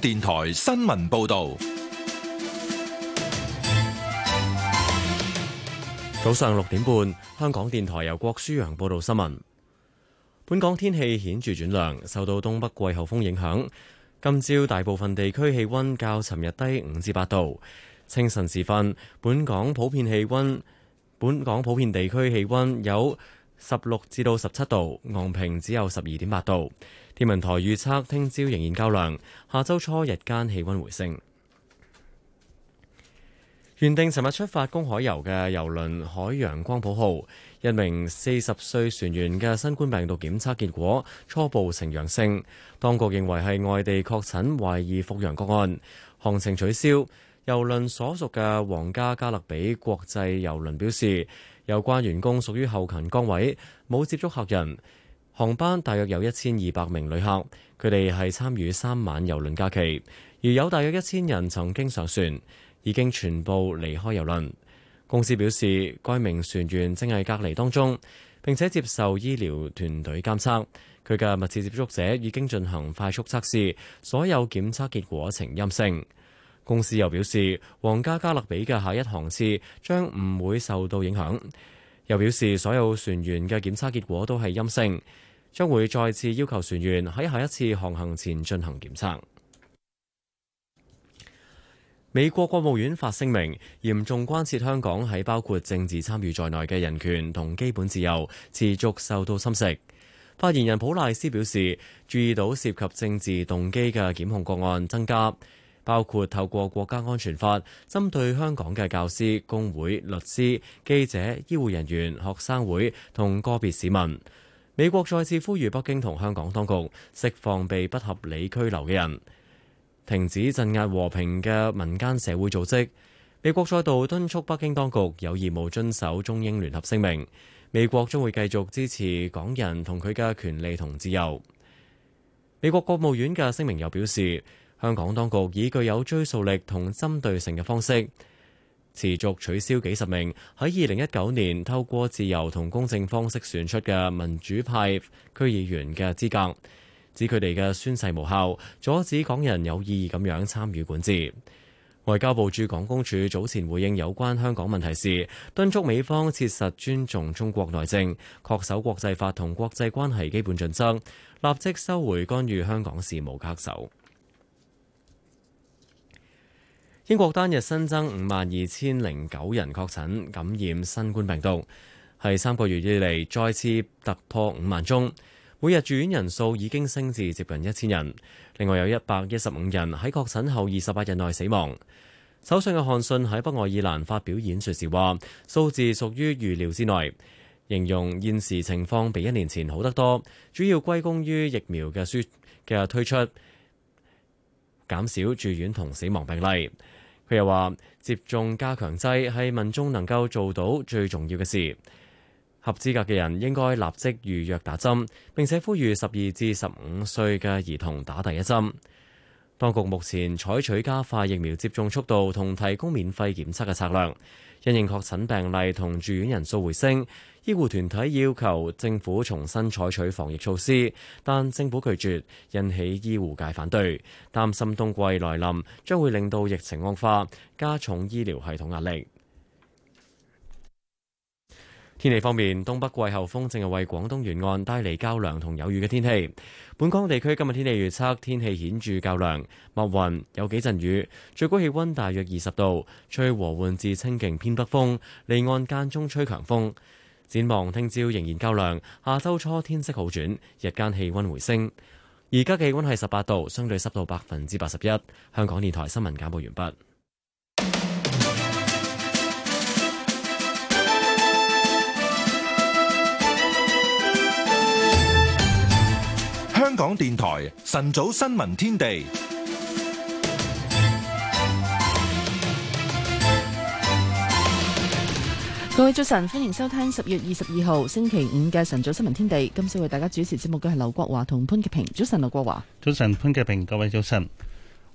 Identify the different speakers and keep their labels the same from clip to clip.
Speaker 1: 電台新聞報道，早
Speaker 2: 上六點半，香港電台由郭舒揚報道新聞。本港天氣顯著轉涼，受到東北季候風影響，今朝大部分地區氣溫較尋日低五至八度。清晨時分，本港普遍氣溫，本港普遍地區氣溫有十六至到十七度，昂坪只有十二點八度。天文台預測，聽朝仍然較涼，下周初日間氣温回升。原定尋日出發公海遊嘅郵輪海洋光譜號，一名四十歲船員嘅新冠病毒檢測結果初步呈陽性，當局認為係外地確診懷疑復陽個案，行程取消。郵輪所屬嘅皇家加勒比國際郵輪表示，有關員工屬於後勤崗位，冇接觸客人。航班大約有一千二百名旅客，佢哋係參與三晚郵輪假期，而有大約一千人曾經上船，已經全部離開郵輪。公司表示，該名船員正喺隔離當中，並且接受醫療團隊監測，佢嘅密切接觸者已經進行快速測試，所有檢測結果呈陰性。公司又表示，皇家加勒比嘅下一航次將唔會受到影響，又表示所有船員嘅檢測結果都係陰性。將會再次要求船員喺下一次航行前進行檢測。美國國務院發聲明，嚴重關切香港喺包括政治參與在內嘅人權同基本自由持續受到侵蝕。發言人普賴斯表示，注意到涉及政治動機嘅檢控個案增加，包括透過國家安全法針對香港嘅教師、工會、律師、記者、醫護人員、學生會同個別市民。美國再次呼籲北京同香港當局釋放被不合理拘留嘅人，停止鎮壓和平嘅民間社會組織。美國再度敦促北京當局有義務遵守中英聯合聲明。美國將會繼續支持港人同佢嘅權利同自由。美國國務院嘅聲明又表示，香港當局以具有追溯力同針對性嘅方式。持續取消幾十名喺二零一九年透過自由同公正方式選出嘅民主派區議員嘅資格，指佢哋嘅宣誓無效，阻止港人有意義咁樣參與管治。外交部駐港公署早前回應有關香港問題時，敦促美方切實尊重中國內政，恪守國際法同國際關係基本準則，立即收回干預香港事務嘅黑手。英國單日新增五萬二千零九人確診感染新冠病毒，係三個月以嚟再次突破五萬宗。每日住院人數已經升至接近一千人。另外有一百一十五人喺確診後二十八日內死亡。首相約翰遜喺北愛爾蘭發表演說時話：數字屬於預料之內，形容現時情況比一年前好得多，主要歸功於疫苗嘅輸嘅推出，減少住院同死亡病例。佢又話，接種加強劑係民眾能夠做到最重要嘅事，合資格嘅人應該立即預約打針，並且呼籲十二至十五歲嘅兒童打第一針。當局目前採取加快疫苗接種速度同提供免費檢測嘅策略。因應確診病例同住院人數回升，醫護團體要求政府重新採取防疫措施，但政府拒絕，引起醫護界反對，擔心冬季來臨將會令到疫情惡化，加重醫療系統壓力。天氣方面，東北季候風正係為廣東沿岸帶嚟較涼同有雨嘅天氣。本港地區今日天氣預測，天氣顯著較涼，密雲有幾陣雨，最高氣溫大約二十度，吹和緩至清勁偏北風，離岸間中吹強風。展望聽朝仍然較涼，下周初天色好轉，日間氣溫回升。而家氣溫係十八度，相對濕度百分之八十一。香港電台新聞簡報完畢。
Speaker 1: 香港電台晨早新聞天地，
Speaker 3: 各位早晨，歡迎收聽十月二十二號星期五嘅晨早新聞天地。今次為大家主持節目嘅係劉國華同潘潔平。早晨，劉國華。
Speaker 4: 早晨，潘潔平。各位早晨。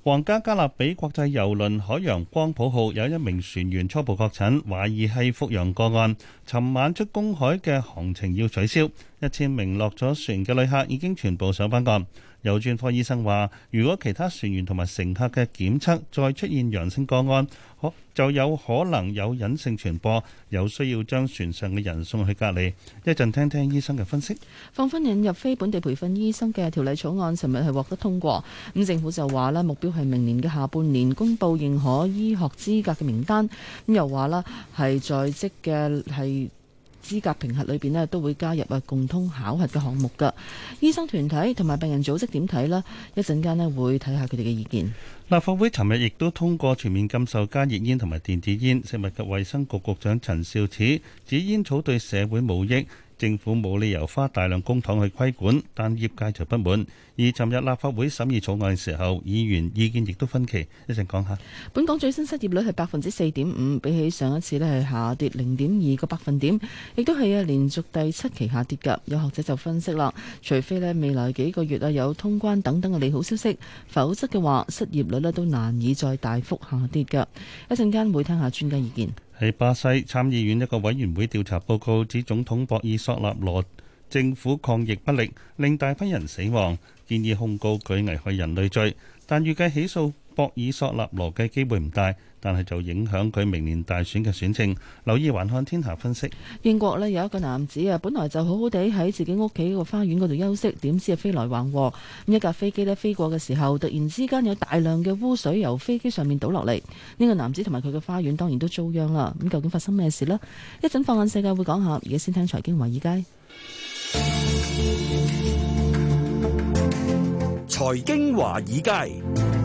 Speaker 4: 皇家加勒比國際郵輪海洋光譜號有一名船員初步確診，懷疑係復陽個案。尋晚出公海嘅航程要取消，一千名落咗船嘅旅客已經全部上返岸。有專科醫生話，如果其他船員同埋乘客嘅檢測再出現陽性個案，可就有可能有隱性傳播，有需要將船上嘅人送去隔離。一陣聽
Speaker 3: 聽醫生嘅分析。放寬引入非本地培訓醫生嘅條例草案，尋日係獲得通過。咁政府就話呢，目標係明年嘅下半年公佈認可醫學資格嘅名單。咁又話啦，係在職嘅係。資格評核裏邊咧都會加入啊共通考核嘅項目㗎，醫生團體同埋病人組織點睇呢？一陣間咧會睇下佢哋嘅意見。
Speaker 4: 立法會尋日亦都通過全面禁售加熱煙同埋電子煙。食物及衛生局局長陳肇始指煙草對社會冇益。政府冇理由花大量公帑去規管，但業界就不滿。而尋日立法會審議草案嘅時候，議員意見亦都分歧。一陣講下。
Speaker 3: 本港最新失業率係百分之四點五，比起上一次呢係下跌零點二個百分點，亦都係啊連續第七期下跌㗎。有學者就分析啦，除非呢未來幾個月啊有通關等等嘅利好消息，否則嘅話失業率呢都難以再大幅下跌㗎。一陣間會聽下專家意見。
Speaker 4: 喺巴西參議院一個委員會調查報告指，總統博爾索納羅政府抗疫不力，令大批人死亡，建議控告佢危害人類罪，但預計起訴博爾索納羅嘅機會唔大，但係就影響佢明年大選嘅選情。留意環看天下分析。
Speaker 3: 英國咧有一個男子啊，本來就好好地喺自己屋企嗰個花園嗰度休息，點知啊飛來橫禍，一架飛機咧飛過嘅時候，突然之間有大量嘅污水由飛機上面倒落嚟。呢個男子同埋佢嘅花園當然都遭殃啦。咁究竟發生咩事呢？一陣放眼世界會講下，而家先聽財經華爾街。
Speaker 5: 財經華爾街。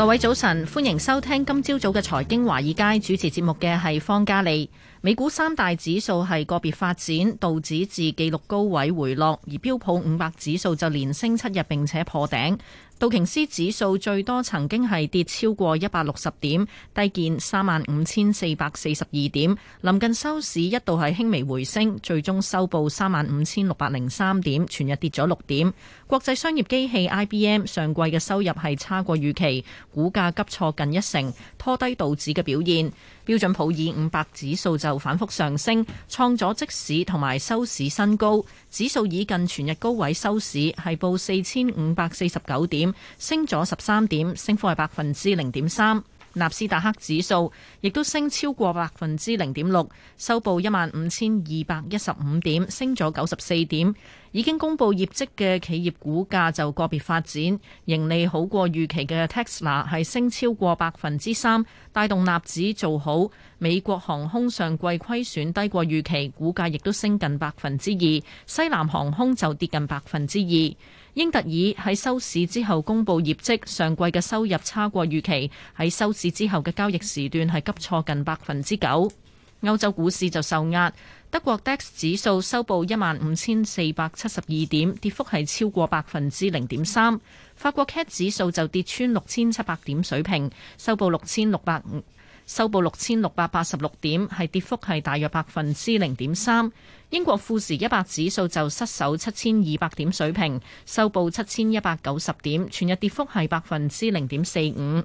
Speaker 6: 各位早晨，歡迎收聽今朝早嘅財經華爾街，主持節目嘅係方嘉莉。美股三大指數係個別發展，道指至紀錄高位回落，而標普五百指數就連升七日並且破頂。道瓊斯指數最多曾經係跌超過一百六十點，低見三萬五千四百四十二點，臨近收市一度係輕微回升，最終收報三萬五千六百零三點，全日跌咗六點。國際商業機器 IBM 上季嘅收入係差過預期，股價急挫近一成，拖低道指嘅表現。標準普爾五百指數就反覆上升，創咗即市同埋收市新高。指數以近全日高位收市，係報四千五百四十九點，升咗十三點，升幅係百分之零點三。納斯達克指數亦都升超過百分之零點六，收報一萬五千二百一十五點，升咗九十四點。已經公布業績嘅企業股價就個別發展，盈利好過預期嘅 Tesla 係升超過百分之三，帶動納指做好。美國航空上季虧損低過預期，股價亦都升近百分之二。西南航空就跌近百分之二。英特爾喺收市之後公布業績，上季嘅收入差過預期。喺收市之後嘅交易時段係急挫近百分之九。歐洲股市就受壓，德國 DAX 指數收報一萬五千四百七十二點，跌幅係超過百分之零點三。法國 CAC 指數就跌穿六千七百點水平，收報六千六百五。收報六千六百八十六點，係跌幅係大約百分之零點三。英國富時一百指數就失守七千二百點水平，收報七千一百九十點，全日跌幅係百分之零點四五。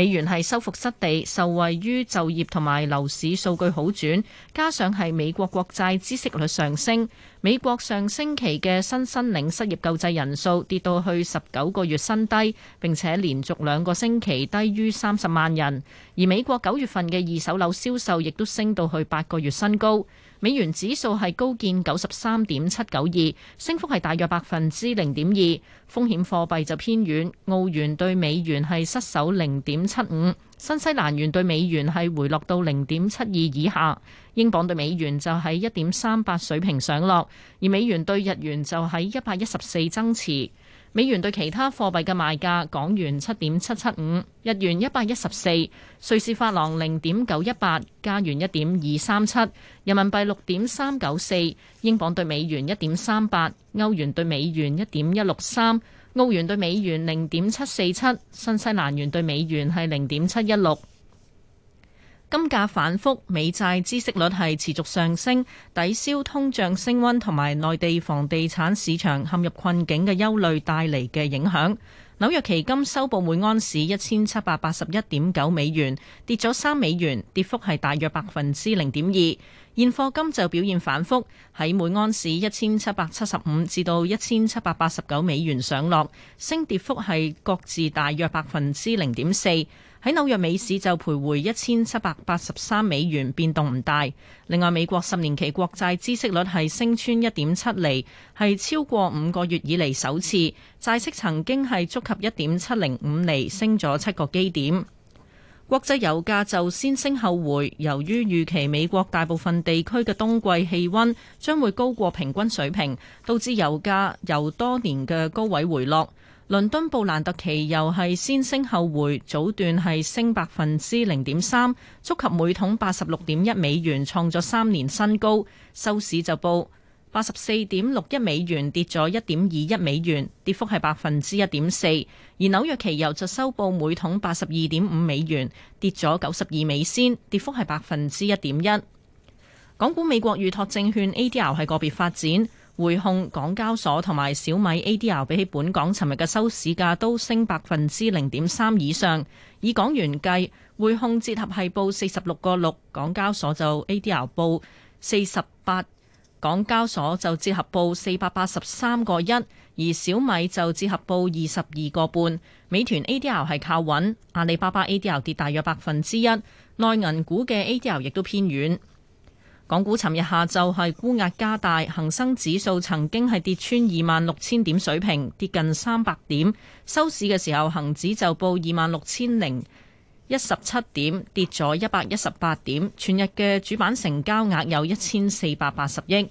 Speaker 6: 美元係收復失地，受惠於就業同埋樓市數據好轉，加上係美國國債孳息率上升。美國上星期嘅新申領失業救濟人數跌到去十九個月新低，並且連續兩個星期低於三十萬人。而美國九月份嘅二手樓銷售亦都升到去八個月新高。美元指數係高見九十三點七九二，升幅係大約百分之零點二。風險貨幣就偏軟，澳元對美元係失守零點七五，新西蘭元對美元係回落到零點七二以下，英鎊對美元就喺一點三八水平上落，而美元對日元就喺一百一十四增持。美元對其他貨幣嘅賣價：港元七點七七五，日元一百一十四，瑞士法郎零點九一八，加元一點二三七，人民幣六點三九四，英鎊對美元一點三八，歐元對美元一點一六三，澳元對美元零點七四七，新西蘭元對美元係零點七一六。金價反覆，美債孳息率係持續上升，抵消通脹升温同埋內地房地產市場陷入困境嘅憂慮帶嚟嘅影響。紐約期金收報每安士一千七百八十一點九美元，跌咗三美元，跌幅係大約百分之零點二。現貨金就表現反覆，喺每安士一千七百七十五至到一千七百八十九美元上落，升跌幅係各自大約百分之零點四。喺紐約美市就徘徊一千七百八十三美元，變動唔大。另外，美國十年期國債孳息率係升穿一點七厘，係超過五個月以嚟首次。債息曾經係觸及一點七零五厘，升咗七個基點。國際油價就先升後回，由於預期美國大部分地區嘅冬季氣温將會高過平均水平，導致油價由多年嘅高位回落。倫敦布蘭特期油係先升後回，早段係升百分之零點三，觸及每桶八十六點一美元，創咗三年新高，收市就報八十四點六一美元，跌咗一點二一美元，跌幅係百分之一點四。而紐約期油就收報每桶八十二點五美元，跌咗九十二美仙，跌幅係百分之一點一。港股美國預託證券 ADR 係個別發展。匯控、港交所同埋小米 ADR 比起本港尋日嘅收市價都升百分之零點三以上，以港元計，匯控折合係報四十六個六，港交所就 ADR 報四十八，港交所就折合報四百八十三個一，而小米就折合報二十二個半。美團 ADR 係靠穩，阿里巴巴 ADR 跌大約百分之一，內銀股嘅 ADR 亦都偏軟。港股尋日下晝係沽壓加大，恒生指數曾經係跌穿二萬六千點水平，跌近三百點。收市嘅時候，恒指就報二萬六千零一十七點，跌咗一百一十八點。全日嘅主板成交額有一千四百八十億。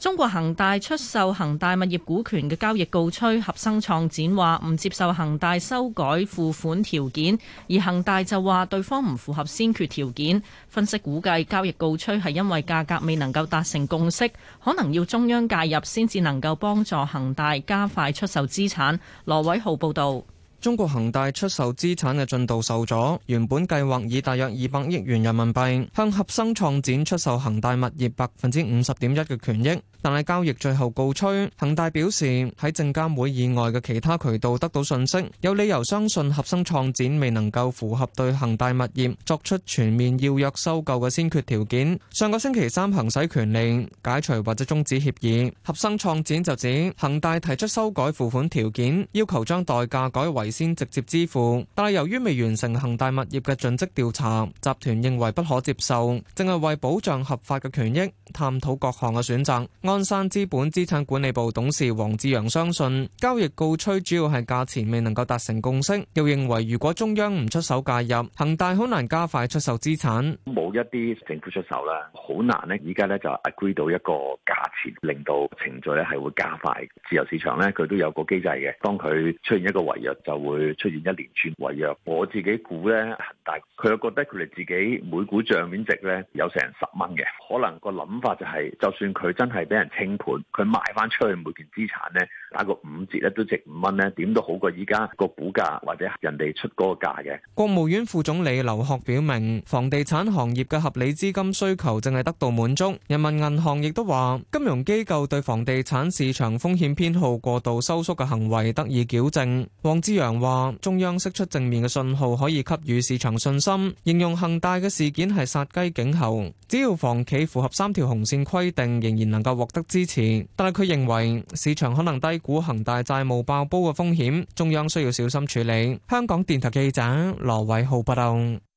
Speaker 6: 中國恒大出售恒大物業股權嘅交易告吹，合生創展話唔接受恒大修改付款條件，而恒大就話對方唔符合先決條件。分析估計交易告吹係因為價格未能夠達成共識，可能要中央介入先至能夠幫助恒大加快出售資產。羅偉浩報道。中國
Speaker 7: 恒大出售資產嘅進度受阻，原本計劃以大約二百億元人民幣向合生創展出售恒大物業百分之五十點一嘅權益，但係交易最後告吹。恒大表示喺證監會以外嘅其他渠道得到信息，有理由相信合生創展未能夠符合對恒大物業作出全面要約收購嘅先決條件。上個星期三行使權力解除或者終止協議，合生創展就指恒大提出修改付款條件，要求將代價改為，先直接支付，但係由於未完成恒大物業嘅盡職調查，集團認為不可接受，正係為保障合法嘅權益，探討各項嘅選擇。鞍山資本資產管理部董事黃志陽相信交易告吹主要係價錢未能夠達成共識，又認為如果中央唔出手介入，恒大好難加快出售資產。冇一
Speaker 5: 啲政府出手啦，好難咧，而家咧就 agree 到一個價錢，令到程序咧係會加快。自由市場咧，佢都有個機制嘅，當佢出現一個違約就。會出現一連串違約，我自己估咧，恒大佢又覺得佢哋自己每股賬面值咧有成十蚊嘅，可能個諗法就係就算佢真係俾人清盤，佢賣翻出去每件資產咧打個五折咧都值五蚊咧，點都好過依家個股價或者人哋出嗰個價嘅。
Speaker 7: 國務院副總理劉鶴表明，房地產行業嘅合理資金需求正係得到滿足。人民銀行亦都話金融機構對房地產市場風險偏好過度收縮嘅行為得以矯正。王之陽。話中央釋出正面嘅信號，可以給予市場信心。形容恒大嘅事件係殺雞儆猴，只要房企符合三條紅綫規定，仍然能夠獲得支持。但係佢認為市場可能低估恒大債務爆煲嘅風險，中央需要小心處理。香港電台記者羅偉浩報道。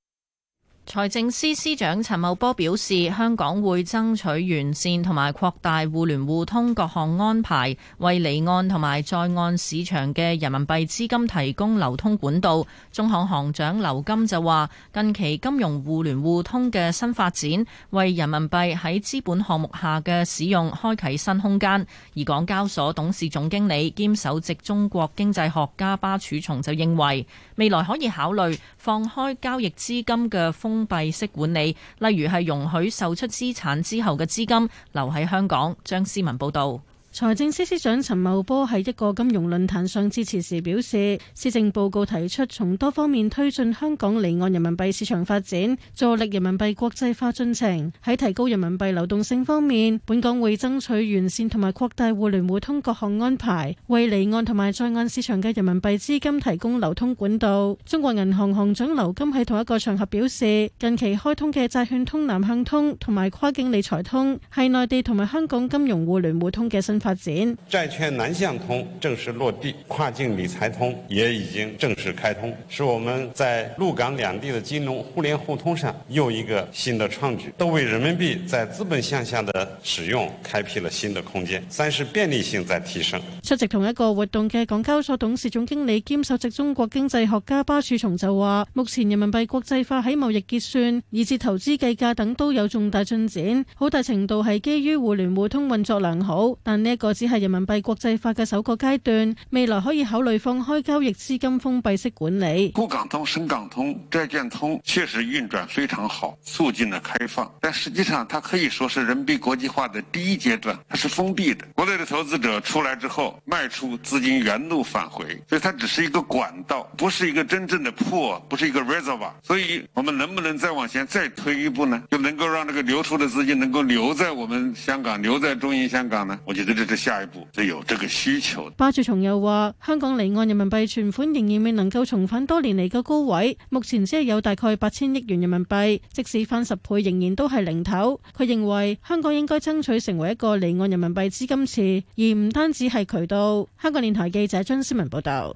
Speaker 6: 財政司司長陳茂波表示，香港會爭取完善同埋擴大互聯互通各項安排，為離岸同埋在岸市場嘅人民幣資金提供流通管道。中行行長劉金就話，近期金融互聯互通嘅新發展，為人民幣喺資本項目下嘅使用開啟新空間。而港交所董事總經理兼首席中國經濟學家巴曙松就認為，未來可以考慮放開交易資金嘅風。封閉式管理，例如係容許售出資產之後嘅資金留喺香港。張思文報道。
Speaker 8: 財政司司長陳茂波喺一個金融論壇上致辭時表示，施政報告提出從多方面推進香港離岸人民幣市場發展，助力人民幣國際化進程。喺提高人民幣流動性方面，本港會爭取完善同埋擴大互聯互通各項安排，為離岸同埋在岸市場嘅人民幣資金提供流通管道。中國銀行行長劉金喺同一個場合表示，近期開通嘅債券通、南向通同埋跨境理財通，係內地同埋香港金融互聯互通嘅新。發展
Speaker 1: 債券南向通正式落地，跨境理財通也已經正式開通，使我們在陸港兩地的金融互聯互通上又一個新的創舉，都為人民幣在資本項下的使用開闢了新的空間。三是便利性在提升。
Speaker 8: 出席同一個活動嘅港交所董事總經理兼首席中國經濟學家巴曙松就話：目前人民幣國際化喺貿易結算、以至投資計價等都有重大進展，好大程度係基於互聯互，互通運作良好，但呢。呢個只係人民幣國際化嘅首個階段，未來可以考慮放開交易資金封閉式管理。
Speaker 1: 滬港通、深港通、債券通確實運轉非常好，促進了
Speaker 7: 開放。但實際上，它可以說是人民幣國際化的第一階段，它是封閉的，國內嘅
Speaker 4: 投資者出來之後，賣出資金原路返回，所以它只是一個管道，不是一個真正的 pool，不是一個 reservoir。所以，我們能不能再往前再推一步呢？
Speaker 1: 就能夠讓呢個流出嘅資金能夠留在我們香港，留在中英香港呢？我覺得。下一步
Speaker 8: 就有這個需求。巴曙松又話，香港離岸人民幣存款仍然未能夠重返多年嚟嘅高位，目前只係有大概八千億元人民幣，即使翻十倍仍然都係零頭。佢認為香港應該爭取成為一個離岸人民幣資金池，而唔單止係渠道。香港電台記者張思文報道。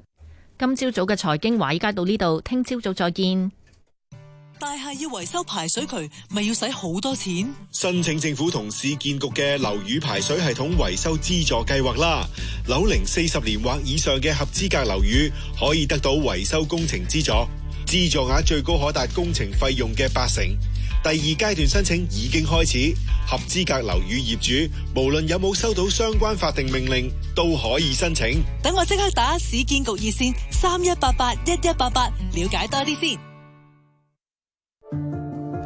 Speaker 8: 今朝早嘅財經
Speaker 6: 華，依家到呢度，聽朝早，早再見。
Speaker 3: 但係要維修排水渠，咪要
Speaker 1: 使好多錢？申請政府同市建局嘅樓宇排水系統維修資助計劃啦！樓齡四十年或以上嘅合資格樓宇可以得到維修工程資助，資助額最高可達工程費用嘅八成。第二階段申請已經開始，合資格樓宇業主無論有冇收到相關法定命令，都可以申請。
Speaker 9: 等我即刻打市建局熱線三一八八一
Speaker 6: 一八八，了解多啲先。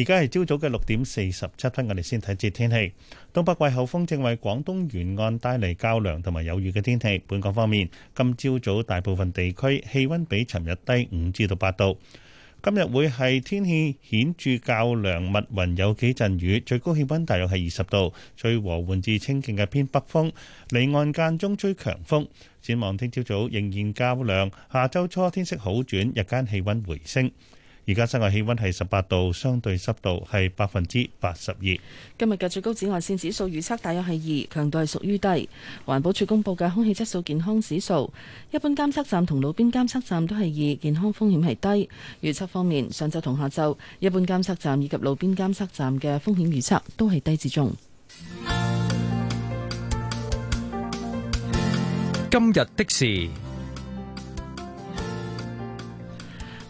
Speaker 4: 而家係朝早嘅六點四十七分，我哋先睇節天氣。東北季候風正為廣東沿岸帶嚟較涼同埋有雨嘅天氣。本港方面，今朝早大部分地區氣温比尋日低五至到八度。今日會係天氣顯著較涼，密雲有幾陣雨，最高氣温大約係二十度，吹和緩至清勁嘅偏北風，離岸間中吹強風。展望聽朝早仍然較涼，下周初天色好轉，日間氣温回升。而家室外氣溫係十八度，相對濕度係百分之八十二。
Speaker 3: 今日嘅最高紫外線指數預測大約係二，強度係屬於低。環保署公布嘅空氣質素健康指數，一般監測站同路邊監測站都係二，健康風險係低。預測方面，上晝同下晝，一般監測站以及路邊監測站嘅風險預測都係低至中。
Speaker 10: 今日的事。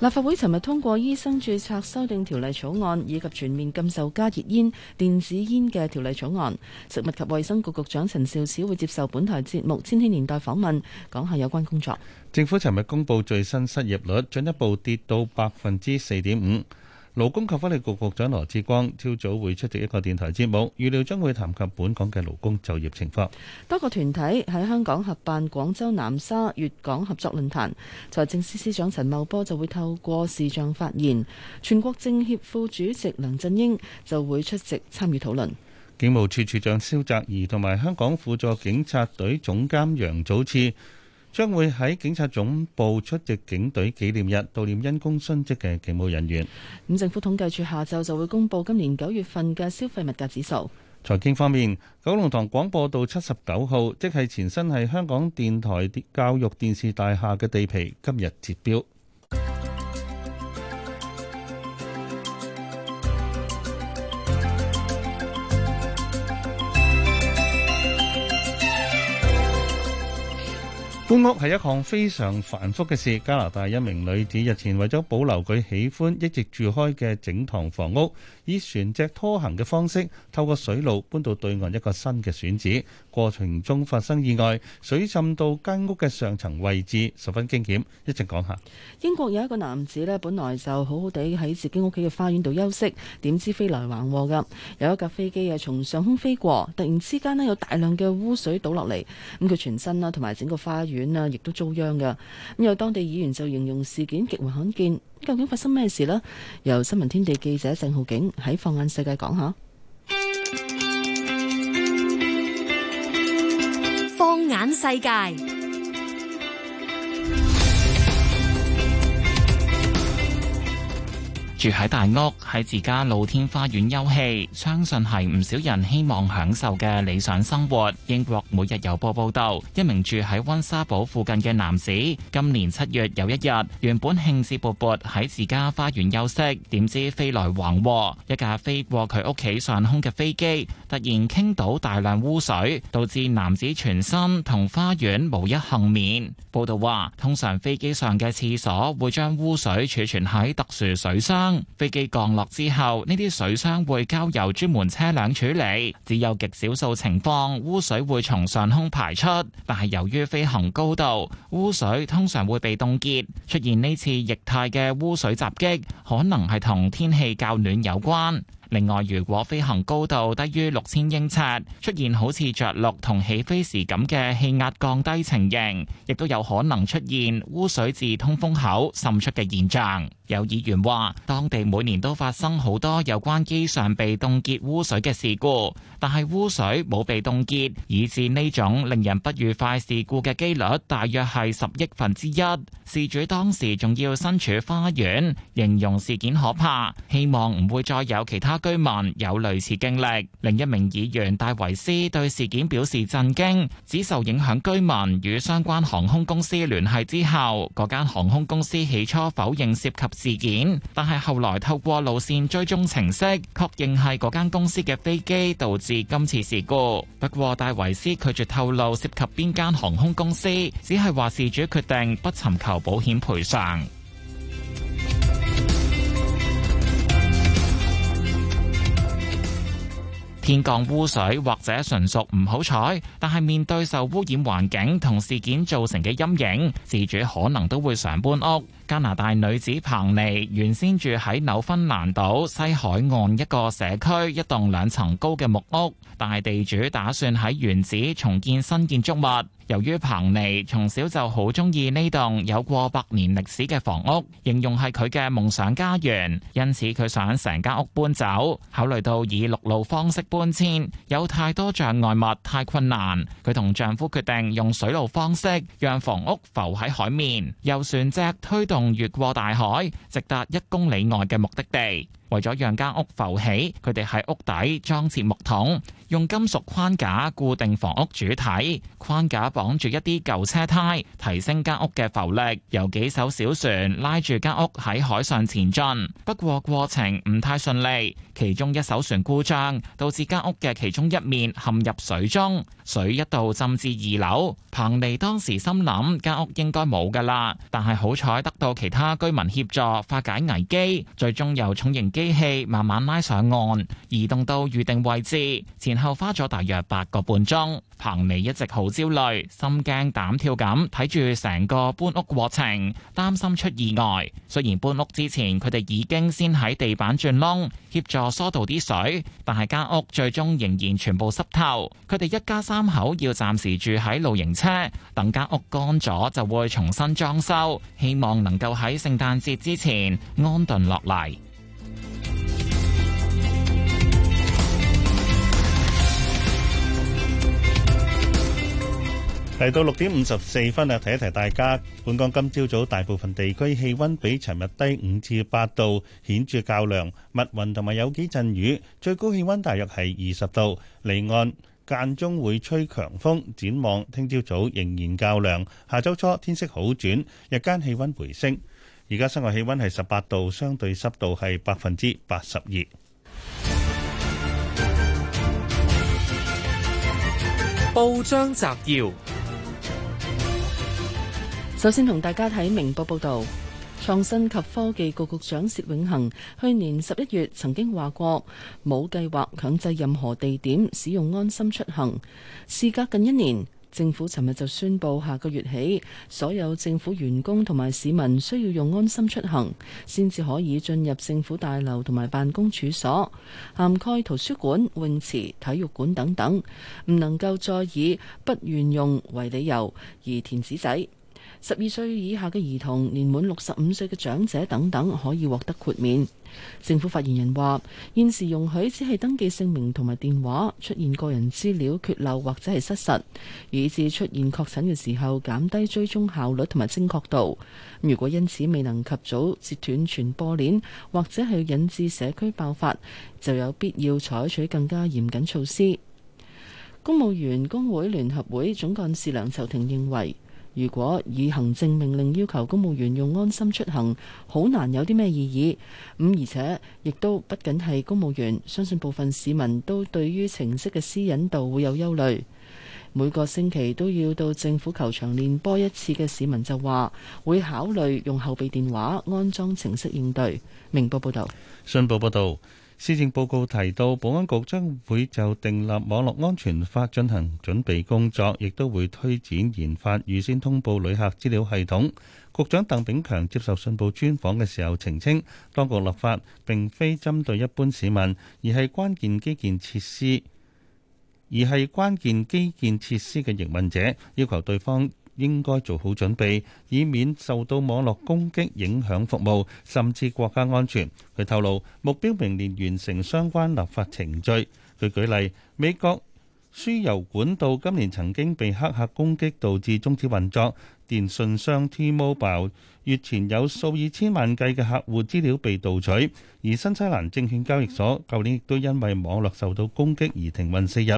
Speaker 3: 立法會尋日通過醫生註冊修訂條例草案以及全面禁售加熱煙、電子煙嘅條例草案。食物及衛生局局長陳肇始會接受本台節目《千禧年代》訪問，講下有關工作。
Speaker 4: 政府尋日公布最新失業率，進一步跌到百分之四點五。勞工及福利局局長羅致光，朝早會出席一個電台節目，預料將會談及本港嘅勞工就業情況。
Speaker 3: 多個團體喺香港合辦廣州南沙粵港合作論壇，財政司司長陳茂波就會透過視像發言，全國政協副主席梁振英就會出席參與討論。
Speaker 4: 警務處處長蕭澤頤同埋香港輔助警察隊總監楊祖熾。將會喺警察總部出席警隊紀念日，悼念因公殉職嘅警務人員。
Speaker 3: 政府統計處下晝就會公布今年九月份嘅消費物價指數。
Speaker 4: 財經方面，九龍塘廣播道七十九號，即係前身係香港電台教育電視大廈嘅地皮，今日截標。搬屋係一項非常繁複嘅事。加拿大一名女子日前為咗保留佢喜歡一直住開嘅整幢房屋，以船隻拖行嘅方式，透過水路搬到對岸一個新嘅選址。過程中發生意外，水浸到間屋嘅上層位置，十分驚險，一陣講下。
Speaker 3: 英國有一個男子咧，本來就好好地喺自己屋企嘅花園度休息，點知飛來橫禍㗎！有一架飛機啊，從上空飛過，突然之間咧有大量嘅污水倒落嚟，咁佢全身啦同埋整個花園。院啊，亦都遭殃噶，咁有當地議員就形容事件極為罕見。究竟發生咩事咧？由新聞天地記者鄭浩景喺放眼世界講下。
Speaker 11: 放眼世界。
Speaker 12: 住喺大屋喺自家露天花園休憩，相信係唔少人希望享受嘅理想生活。英國每日郵報報道，一名住喺溫莎堡附近嘅男子，今年七月有一日，原本興致勃勃喺自家花園休息，點知飛來橫禍，一架飛過佢屋企上空嘅飛機突然傾倒大量污水，導致男子全身同花園無一幸免。報道話，通常飛機上嘅廁所會將污水儲存喺特殊水箱。飛機降落之後，呢啲水箱會交由專門車輛處理。只有極少數情況，污水會從上空排出，但係由於飛行高度，污水通常會被凍結。出現呢次液態嘅污水襲擊，可能係同天氣較暖有關。另外，如果飛行高度低於六千英尺，出現好似着陸同起飛時咁嘅氣壓降低情形，亦都有可能出現污水自通風口滲出嘅現象。有議員話：當地每年都發生好多有關機上被凍結污水嘅事故，但係污水冇被凍結，以致呢種令人不愉快事故嘅機率大約係十億分之一。事主當時仲要身處花園，形容事件可怕，希望唔會再有其他居民有類似經歷。另一名議員戴維斯對事件表示震驚，指受影響居民與相關航空公司聯繫之後，嗰間航空公司起初否認涉及。事件，但係後來透過路線追蹤程式確認係嗰間公司嘅飛機導致今次事故。不過戴維斯拒絕透露涉及邊間航空公司，只係話事主決定不尋求保險賠償。天降污水或者純屬唔好彩，但係面對受污染環境同事件造成嘅陰影，事主可能都會常搬屋。加拿大女子彭妮原先住喺紐芬蘭島西海岸一個社區一棟兩層高嘅木屋，但係地主打算喺原址重建新建築物。由於彭妮從小就好中意呢棟有過百年歷史嘅房屋，形容係佢嘅夢想家園，因此佢想成間屋搬走。考慮到以陸路方式搬遷，有太多障礙物，太困難，佢同丈夫決定用水路方式，讓房屋浮喺海面，由船隻推動越過大海，直達一公里外嘅目的地。為咗讓間屋浮起，佢哋喺屋底裝設木桶，用金屬框架，固定房屋主體，框架綁住一啲舊車胎，提升間屋嘅浮力，由幾艘小船拉住間屋喺海上前進。不過，過程唔太順利，其中一艘船故障，導致間屋嘅其中一面陷入水中，水一度浸至二樓。彭利當時心諗間屋應該冇噶啦，但係好彩得到其他居民協助化解危機，最終由重型機器慢慢拉上岸，移動到預定位置，前後花咗大約八個半鐘。彭尼一直好焦慮，心驚膽跳咁睇住成個搬屋過程，擔心出意外。雖然搬屋之前，佢哋已經先喺地板鑽窿協助疏導啲水，但係間屋最終仍然全部濕透。佢哋一家三口要暫時住喺露營車，等間屋乾咗就會重新裝修，希望能夠喺聖誕節之前安頓落嚟。
Speaker 4: 嚟到六點五十四分啊，提一提大家。本港今朝早大部分地區氣溫比尋日低五至八度，顯著較涼，密雲同埋有幾陣雨。最高氣溫大約係二十度。離岸間中會吹強風。展望聽朝早仍然較涼。下週初天色好轉，日間氣溫回升。而家室外氣溫係十八度，相對濕度係百分之八十二。
Speaker 13: 報章摘要。
Speaker 3: 首先同大家睇明報報道，創新及科技局局長薛永恆去年十一月曾經話過，冇計劃強制任何地點使用安心出行。事隔近一年，政府尋日就宣布，下個月起，所有政府員工同埋市民需要用安心出行，先至可以進入政府大樓同埋辦公處所，涵蓋圖書館、泳池、體育館等等，唔能夠再以不願用為理由而填紙仔。十二歲以下嘅兒童、年滿六十五歲嘅長者等等，可以獲得豁免。政府發言人話：現時容許只係登記姓名同埋電話，出現個人資料缺漏或者係失實，以致出現確診嘅時候減低追蹤效率同埋精確度。如果因此未能及早截斷傳播鏈，或者係引致社區爆發，就有必要採取更加嚴謹措施。公務員工會聯合會總幹事梁籌庭認為，如果以行政命令要求公務員用安心出行，好難有啲咩意義，咁、嗯，而且亦都不僅係公務員，相信部分市民都對於程式嘅私隱度會有憂慮，每個星期都要到政府球場練波一次嘅市民就話會考慮用後備電話安裝程式應對，明報報道。
Speaker 4: 信報報導。施政報告提到，保安局將會就訂立網絡安全法進行準備工作，亦都會推展研發預先通報旅客資料系統。局長鄧炳強接受信報專訪嘅時候澄清，當局立法並非針對一般市民，而係關鍵基建設施，而係關鍵基建設施嘅營運者要求對方，應該做好準備，以免受到網絡攻擊影響服務，甚至國家安全。佢透露目標明年完成相關立法程序。佢舉例，美國輸油管道今年曾經被黑客攻擊，導致中止運作，電信商 T-Mobile 月前有數以千萬計嘅客戶資料被盜取，而新西蘭證券交易所舊年亦都因為網絡受到攻擊而停運四日。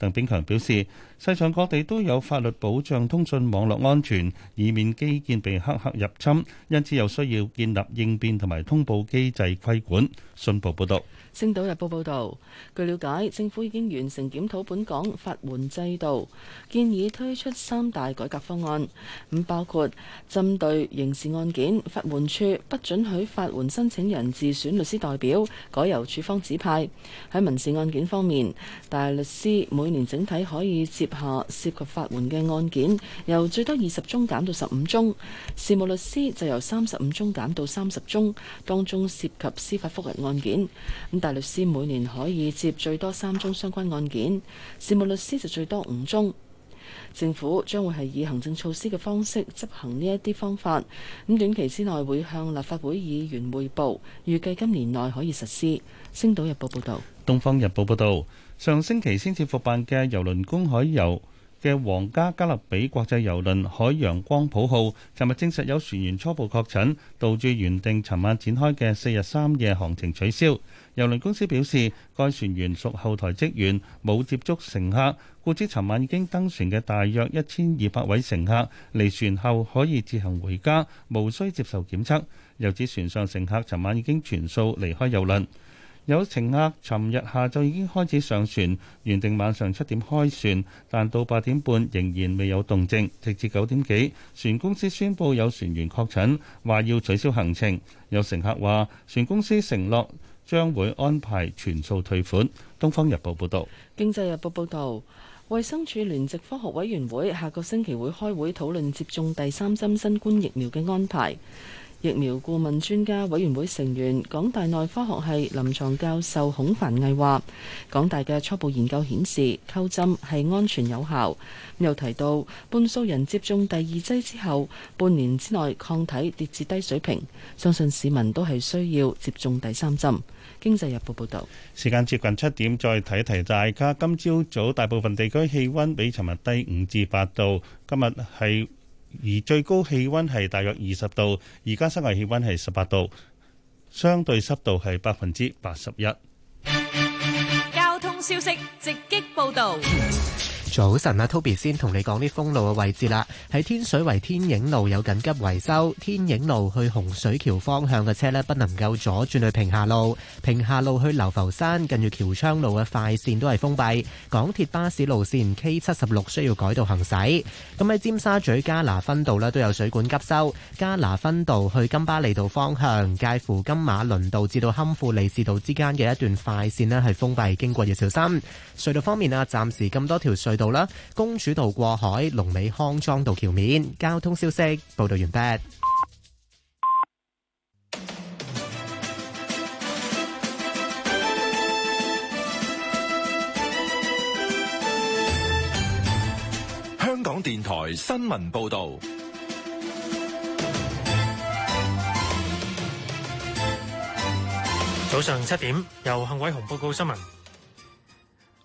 Speaker 4: 鄧炳強表示，世上各地都有法律保障通訊網絡安全，以免基建被黑客入侵，因此又需要建立應變同埋通報機制規管。信報報道。
Speaker 3: 《星島日報》報導，據了解，政府已經完成檢討本港法援制度，建議推出三大改革方案，咁包括針對刑事案件，法援處不准許法援申請人自選律師代表，改由處方指派；喺民事案件方面，大律師每年整體可以接下涉及法援嘅案件，由最多二十宗減到十五宗，事務律師就由三十五宗減到三十宗，當中涉及司法覆核案件，大律師每年可以接最多三宗相關案件，事務律師就最多五宗。政府將會係以行政措施嘅方式執行呢一啲方法。咁短期之內會向立法會議員匯報，預計今年內可以實施。《星島日報》報道。
Speaker 4: 《東方日報》報道，上星期先至復辦嘅郵輪公海遊嘅皇家加勒比國際郵輪海洋光譜號，尋日證實有船員初步確診，導致原定尋晚展開嘅四日三夜航程取消。郵輪公司表示，該船員屬後台職員，冇接觸乘客，故知尋晚已經登船嘅大約一千二百位乘客離船後可以自行回家，無需接受檢測。又指船上乘客尋晚已經全數離開郵輪。有乘客尋日下晝已經開始上船，原定晚上七點開船，但到八點半仍然未有動靜，直至九點幾，船公司宣布有船員確診，話要取消行程。有乘客話，船公司承諾。將會安排全數退款。《東方日報》報導，
Speaker 3: 《經濟日報》報導，衛生署聯席科學委員會下個星期會開會討論接種第三針新冠疫苗嘅安排。疫苗顧問專家委員會成員港大內科學系臨床教授孔繁毅話：港大嘅初步研究顯示，溝針係安全有效。又提到，半數人接種第二劑之後，半年之內抗體跌至低水平，相信市民都係需要接種第三針。經濟日報報道，時間接近七點，
Speaker 4: 再提一提大家。今朝早，早大部分地區氣溫比尋日低五至八度，今日係而最高氣溫係大約二十度，而家室外氣溫係十八度，相對濕度係百分之八十一。
Speaker 6: 交通消息直擊報道。
Speaker 14: 早晨啊，Toby 先同你講啲封路嘅位置啦。喺天水圍天影路有緊急維修，天影路去洪水橋方向嘅車咧不能夠左轉去平下路。平下路去流浮山近住橋昌路嘅快綫都係封閉。港鐵巴士路綫 K 七十六需要改道行駛。咁喺尖沙咀加拿分道咧都有水管急修，加拿分道去金巴利道方向介乎金馬倫道至到堪富利士道之間嘅一段快綫咧係封閉，經過要小心。隧道方面啊，暫時咁多條隧。度啦，公主道過海，龍尾康莊道橋面交通消息報道完畢。
Speaker 1: 香港電台新聞報道，
Speaker 15: 早上七點由幸偉雄報告新聞。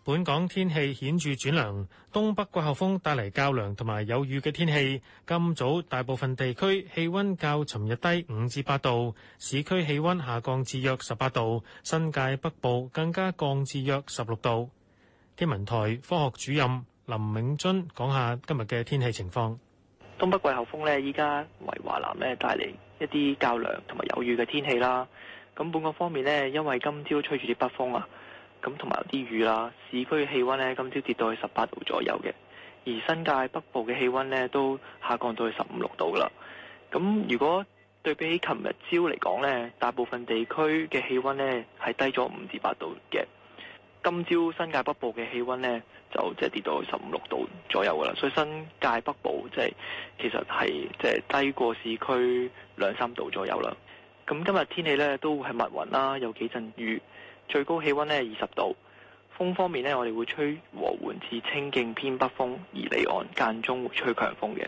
Speaker 15: 本港天氣顯著轉涼，東北季候風帶嚟較涼同埋有雨嘅天氣。今早大部分地區氣温較尋日低五至八度，市區氣温下降至約十八度，新界北部更加降至約十六度。天文台科學主任林永津講下今日嘅天氣情況。
Speaker 9: 東北季候風呢，依家為華南呢帶嚟一啲較涼同埋有雨嘅天氣啦。咁本港方面呢，因為今朝吹住啲北風啊。咁同埋有啲雨啦，市區嘅氣温呢，今朝跌到去十八度左右嘅，而新界北部嘅氣温呢，都下降到去十五六度啦。咁如果對比起琴日朝嚟講呢，大部分地區嘅氣温呢，係低咗五至八度嘅。今朝新界北部嘅氣温呢，就即係跌到去十五六度左右噶啦，所以新界北部即係其實係即係低過市區兩三度左右啦。咁今日天氣呢，都係密雲啦，有幾陣雨。最高氣温咧，二十度，風方面咧，我哋會吹和緩至清勁偏北風而離岸，間中會吹強風嘅。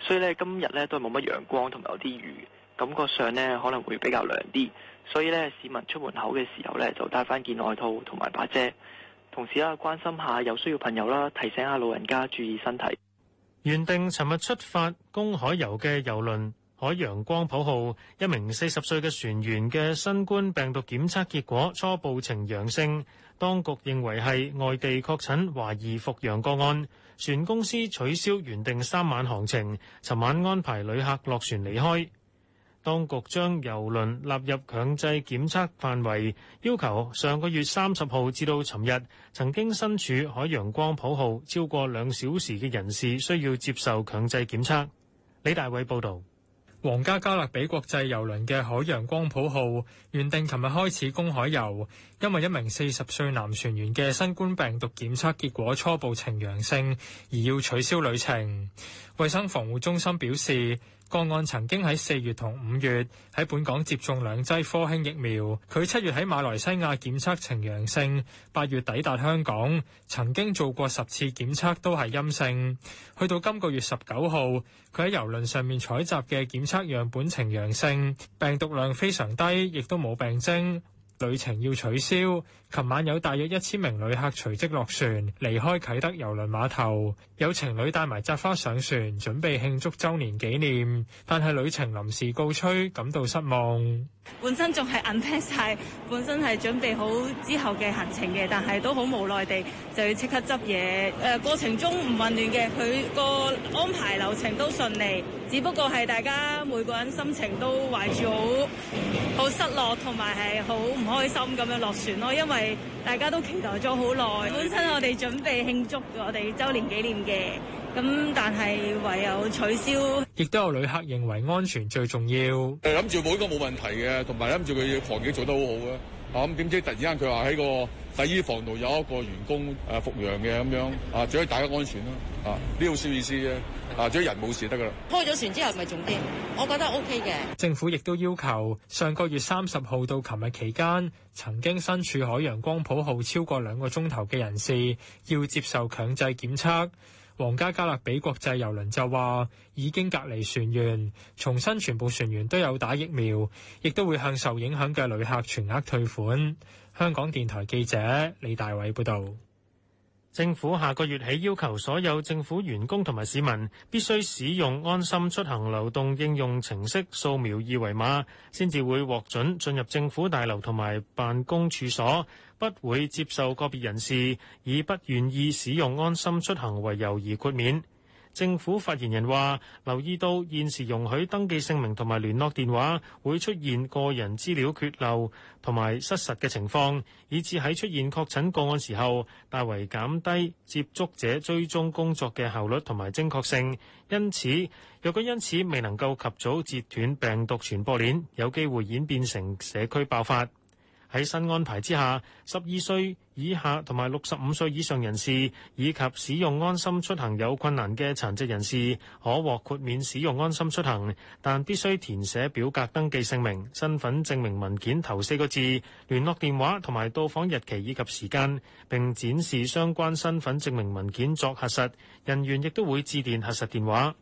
Speaker 9: 所以咧，今日咧都係冇乜陽光同埋有啲雨，感覺上咧可能會比較涼啲。所以咧，市民出門口嘅時候咧，就帶翻件外套同埋把遮。同時啊，關心下有需要朋友啦，提醒下老人家注意身體。
Speaker 15: 原定尋日出發公海遊嘅郵輪，海洋光譜號一名四十歲嘅船員嘅新冠病毒檢測結果初步呈陽性，當局認為係外地確診懷疑復陽個案。船公司取消原定三晚航程，尋晚安排旅客落船離開。當局將郵輪納入強制檢測範圍，要求上個月三十號至到尋日曾經身處海洋光譜號超過兩小時嘅人士需要接
Speaker 16: 受強制檢測。李大偉報導。皇家加勒比國際郵輪嘅海洋光譜號原定琴日開始公海遊，因為一名四十歲男船員嘅新冠病毒檢測結果初步呈陽性，而要取消旅程。衛生防護中心表示。個案曾經喺四月同五月喺本港接種兩劑科興疫苗，佢七月喺馬來西亞檢測呈陽性，八月抵達香港，曾經做過十次檢測都係陰性。去到今個月十九號，佢喺郵輪上面採集嘅檢測樣本呈陽性，病毒量非常低，亦都冇病徵，旅程要取消。琴晚有大約一千名旅客隨即落船離開啟德郵輪碼頭，有情侶帶埋紮花上船準備慶祝周年紀念，但係旅程臨時告吹，感到失望。
Speaker 11: 本身仲係 unpack 曬，本身係準備好之後嘅行程嘅，但係都好無奈地就要即刻執嘢。誒、呃，過程中唔混亂嘅，佢個安排流程都順利，只不過係大家每個人心情都懷住好好失落同埋係好唔開心咁樣落船咯，因為。係大家都期待咗好耐，本身我哋準備慶祝我哋周年紀念嘅，咁但係唯有取消。
Speaker 16: 亦都有旅客認為安全最重要，
Speaker 13: 諗住冇應該冇問題嘅，同埋諗住佢防疫做得好好啊，咁點知突然間佢話喺個。第二防盜有一個員工誒復陽嘅咁樣，啊，最緊要、啊、大家安全啦，啊，呢個意思
Speaker 10: 嘅，啊，最緊要人冇事得噶啦。
Speaker 3: 開咗船之後，咪仲啲？我覺得 OK 嘅。
Speaker 16: 政府亦都要求上個月三十號到琴日期間曾經身處海洋光譜號超過兩個鐘頭嘅人士要接受強制檢測。皇家加勒比國際遊輪就話已經隔離船員，重新全部船員都有打疫苗，亦都會向受影響嘅旅客全額退款。香港電台記者李大
Speaker 15: 偉報道：政府下個月起要求所有政府員工同埋市民必須使用安心出行流動應用程式掃描二維碼，先至會獲准進入政府大樓同埋辦公處所，不會接受個別人士以不願意使用安心出行為由而豁免。政府發言人話：留意到現時容許登記姓名同埋聯絡電話會出現個人資料缺漏同埋失實嘅情況，以致喺出現確診個案時候，大為減低接觸者追蹤工作嘅效率同埋精確性。因此，若果因此未能夠及早截斷病毒傳播鏈，有機會演變成社區爆發。喺新安排之下，十二歲以下同埋六十五歲以上人士，以及使用安心出行有困難嘅殘疾人士，可獲豁免使用安心出行，但必須填寫表格，登記姓名、身份證明文件頭四個字、聯絡電話同埋到訪日期以及時間，並展示相關身份證明文件作核實，人員亦都會致電核實電話。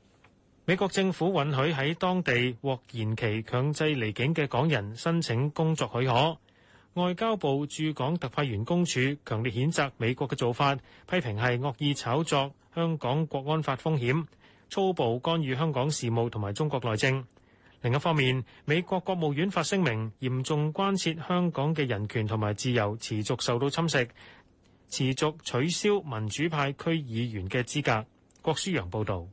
Speaker 15: 美國政府允許喺當地獲延期強制離境嘅港人申請工作許可。外交部駐港特派員公署強烈譴責美國嘅做法，批評係惡意炒作香港國安法風險，粗暴干預香港事務同埋中國內政。另一方面，美國國務院發聲明，嚴重關切香港嘅人權同埋自由持續受到侵蝕，
Speaker 2: 持續取
Speaker 15: 消民主派區議員嘅資格。郭舒陽報道。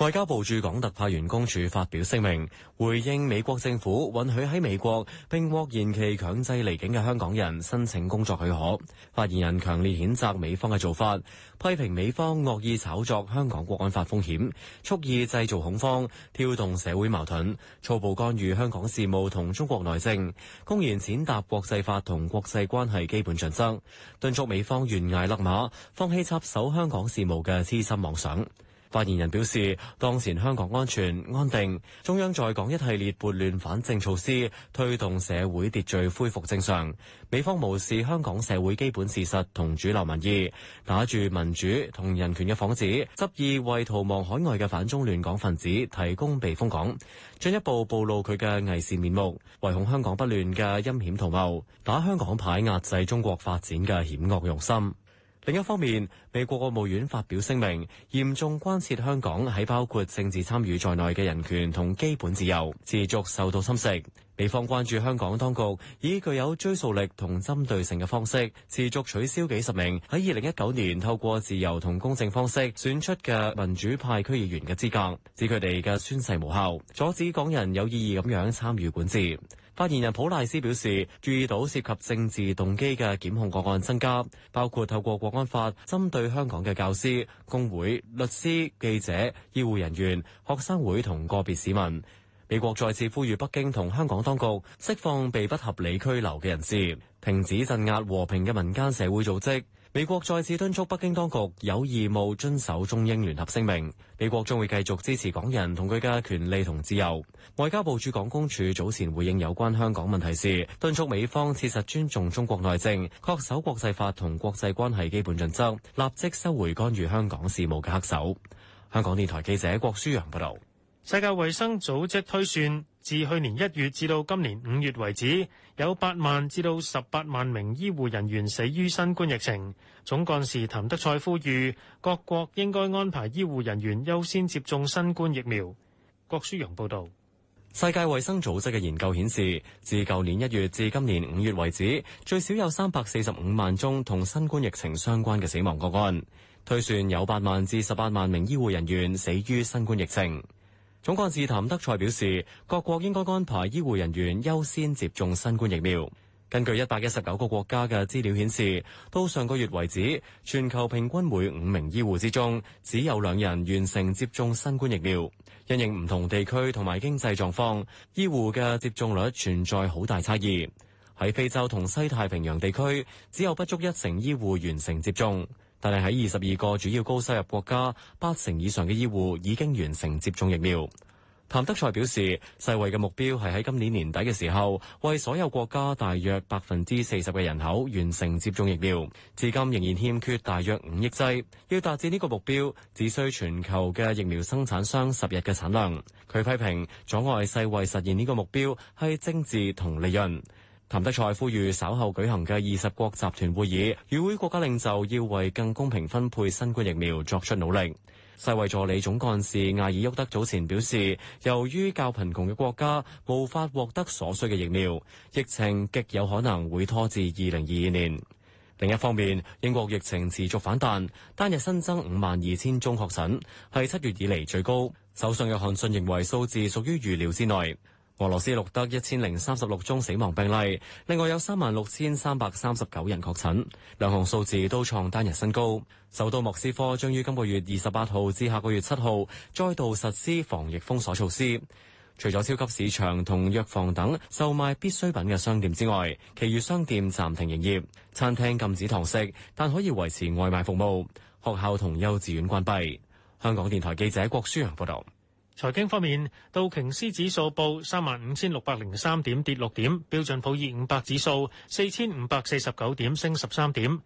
Speaker 2: 外交部駐港特派員公署發表聲明，回應美國政府允許喺美國並獲延期強制離境嘅香港人申請工作許可。發言人強烈譴責美方嘅做法，批評美方惡意炒作香港國安法風險，蓄意製造恐慌，挑動社會矛盾，粗暴干預香港事務同中國內政，公然踐踏國際法同國際關係基本準則，敦促美方懸崖勒馬，放棄插手香港事務嘅痴心妄想。發言人表示，當前香港安全安定，中央在港一系列撥亂反正措施推動社會秩序恢復正常。美方無視香港社會基本事實同主流民意，打住民主同人權嘅幌子，執意為逃亡海外嘅反中亂港分子提供避風港，進一步暴露佢嘅偽善面目，唯恐香港不亂嘅陰險圖謀，打香港牌壓制中國發展嘅險惡用心。另一方面，美國國務院發表聲明，嚴重關切香港喺包括政治參與在內嘅人權同基本自由持續受到侵蝕。美方關注香港當局以具有追溯力同針對性嘅方式，持續取消幾十名喺二零一九年透過自由同公正方式選出嘅民主派區議員嘅資格，指佢哋嘅宣誓無效，阻止港人有意義咁樣參與管治。發言人普賴斯表示，注意到涉及政治動機嘅檢控個案增加，包括透過國安法針對香港嘅教師、工會、律師、記者、醫護人員、學生會同個別市民。美國再次呼籲北京同香港當局釋放被不合理拘留嘅人士，停止鎮壓和平嘅民間社會組織。美國再次敦促北京當局有義務遵守中英聯合聲明。美國將會繼續支持港人同佢嘅權利同自由。外交部駐港公署早前回應有關香港問題時，敦促美方切實尊重中國內政，恪守國際法同國際關係基本準則，立即收回干預香港事務嘅黑手。香港電台記者郭舒揚報道：「世界衞生組織推算。自去年一月至到今年
Speaker 15: 五月為止，有八萬至到十八萬名醫護人員死於新冠疫情。總幹事譚德塞呼籲各國應該安排醫護人員優先接
Speaker 2: 種新冠疫苗。郭書陽報道。世界衛生組織嘅研究顯示，自舊年一月至今年五月為止，最少有三百四十五萬宗同新冠疫情相關嘅死亡個案，推算有八萬至十八萬名醫護人員死於新冠疫情。總幹事譚德賽表示，各國應該安排醫護人員優先接種新冠疫苗。根據一百一十九個國家嘅資料顯示，到上個月為止，全球平均每五名醫護之中，只有兩人完成接種新冠疫苗。因應唔同地區同埋經濟狀況，醫護嘅接種率存在好大差異。喺非洲同西太平洋地區，只有不足一成醫護完成接種。但係喺二十二個主要高收入國家，八成以上嘅醫護已經完成接種疫苗。譚德塞表示，世衛嘅目標係喺今年年底嘅時候，為所有國家大約百分之四十嘅人口完成接種疫苗。至今仍然欠缺大約五億劑，要達至呢個目標，只需全球嘅疫苗生產商十日嘅產量。佢批評阻礙世衛實現呢個目標係政治同利潤。譚德賽呼籲稍後舉行嘅二十國集團會議，與會國家領袖要為更公平分配新冠疫苗作出努力。世衛助理總幹事艾爾沃德早前表示，由於較貧窮嘅國家無法獲得所需嘅疫苗，疫情極有可能會拖至二零二二年。另一方面，英國疫情持續反彈，單日新增五萬二千宗確診，係七月以嚟最高。首相約翰遜認為數字屬於預料之內。俄羅斯錄得一千零三十六宗死亡病例，另外有三萬六千三百三十九人確診，兩項數字都創單日新高。首都莫斯科將於今個月二十八號至下個月七號再度實施防疫封鎖措施，除咗超級市場同藥房等售賣必需品嘅商店之外，其餘商店暫停營業，餐廳禁止堂食，但可以維持外賣服務，學校同幼稚園關閉。香港電台記者郭舒
Speaker 15: 洋報道。財經方面，道瓊斯指數報三萬五千六百零三點，跌六點；標準普爾五百指數四千五百四十九點，升十三點。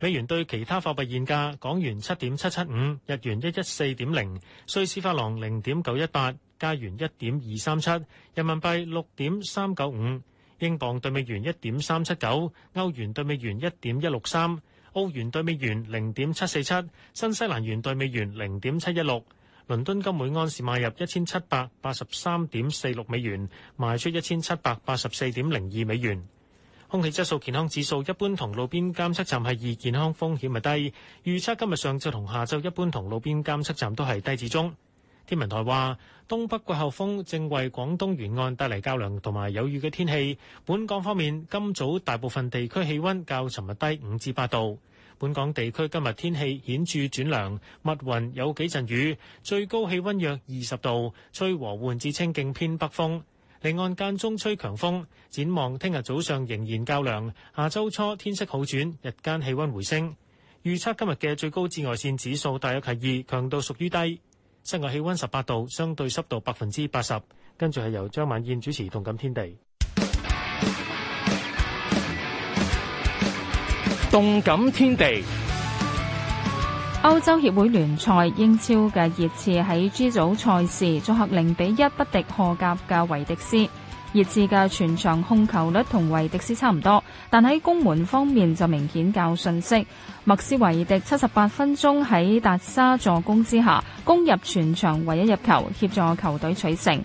Speaker 15: 美元對其他貨幣現價：港元七點七七五，日元一一四點零，瑞士法郎零點九一八，加元一點二三七，人民幣六點三九五，英鎊對美元一點三七九，歐元對美元一點一六三，澳元對美元零點七四七，新西蘭元對美元零點七一六。倫敦金每盎司買入一千七百八十三點四六美元，賣出一千七百八十四點零二美元。空氣質素健康指數一般，同路邊監測站係二，健康風險咪低。預測今日上晝同下晝一般同路邊監測站都係低至中。天文台話，東北季候風正為廣東沿岸帶嚟較涼同埋有雨嘅天氣。本港方面，今早大部分地區氣温較尋日低五至八度。本港地區今日天氣顯著轉涼，密雲有幾陣雨，最高氣温約二十度，吹和緩至清勁偏北風。離岸間中吹強風。展望聽日早上仍然較涼，下周初天色好轉，日間氣温回升。預測今日嘅最高紫外線指數大約係二，強度屬於低。室外氣温十八度，相對濕度百分之八十。跟住係由張曼燕主持《動感天地》。
Speaker 11: 動感天地，歐洲協會聯賽英超嘅熱刺喺 G 組賽事作客零比一不敵荷甲嘅維迪斯。熱刺嘅全場控球率同維迪斯差唔多，但喺攻門方面就明顯較遜色。麥斯維迪七十八分鐘喺達沙助攻之下攻入全場唯一入球，協助球隊取勝。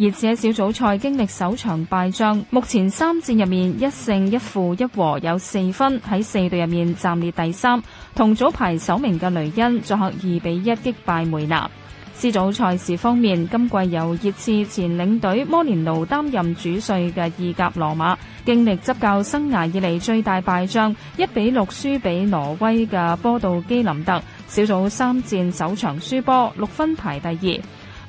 Speaker 11: 熱刺喺小組賽經歷首場敗仗，目前三戰入面一勝一負一和，有四分喺四隊入面暫列第三。同組排首名嘅雷恩作客二比一擊敗梅拿。C 組賽事方面，今季由熱刺前領隊摩連奴擔任主帥嘅意甲羅馬，經歷執教生涯以嚟最大敗仗，一比六輸俾挪威嘅波杜基林特。小組三戰首場輸波，六分排第二。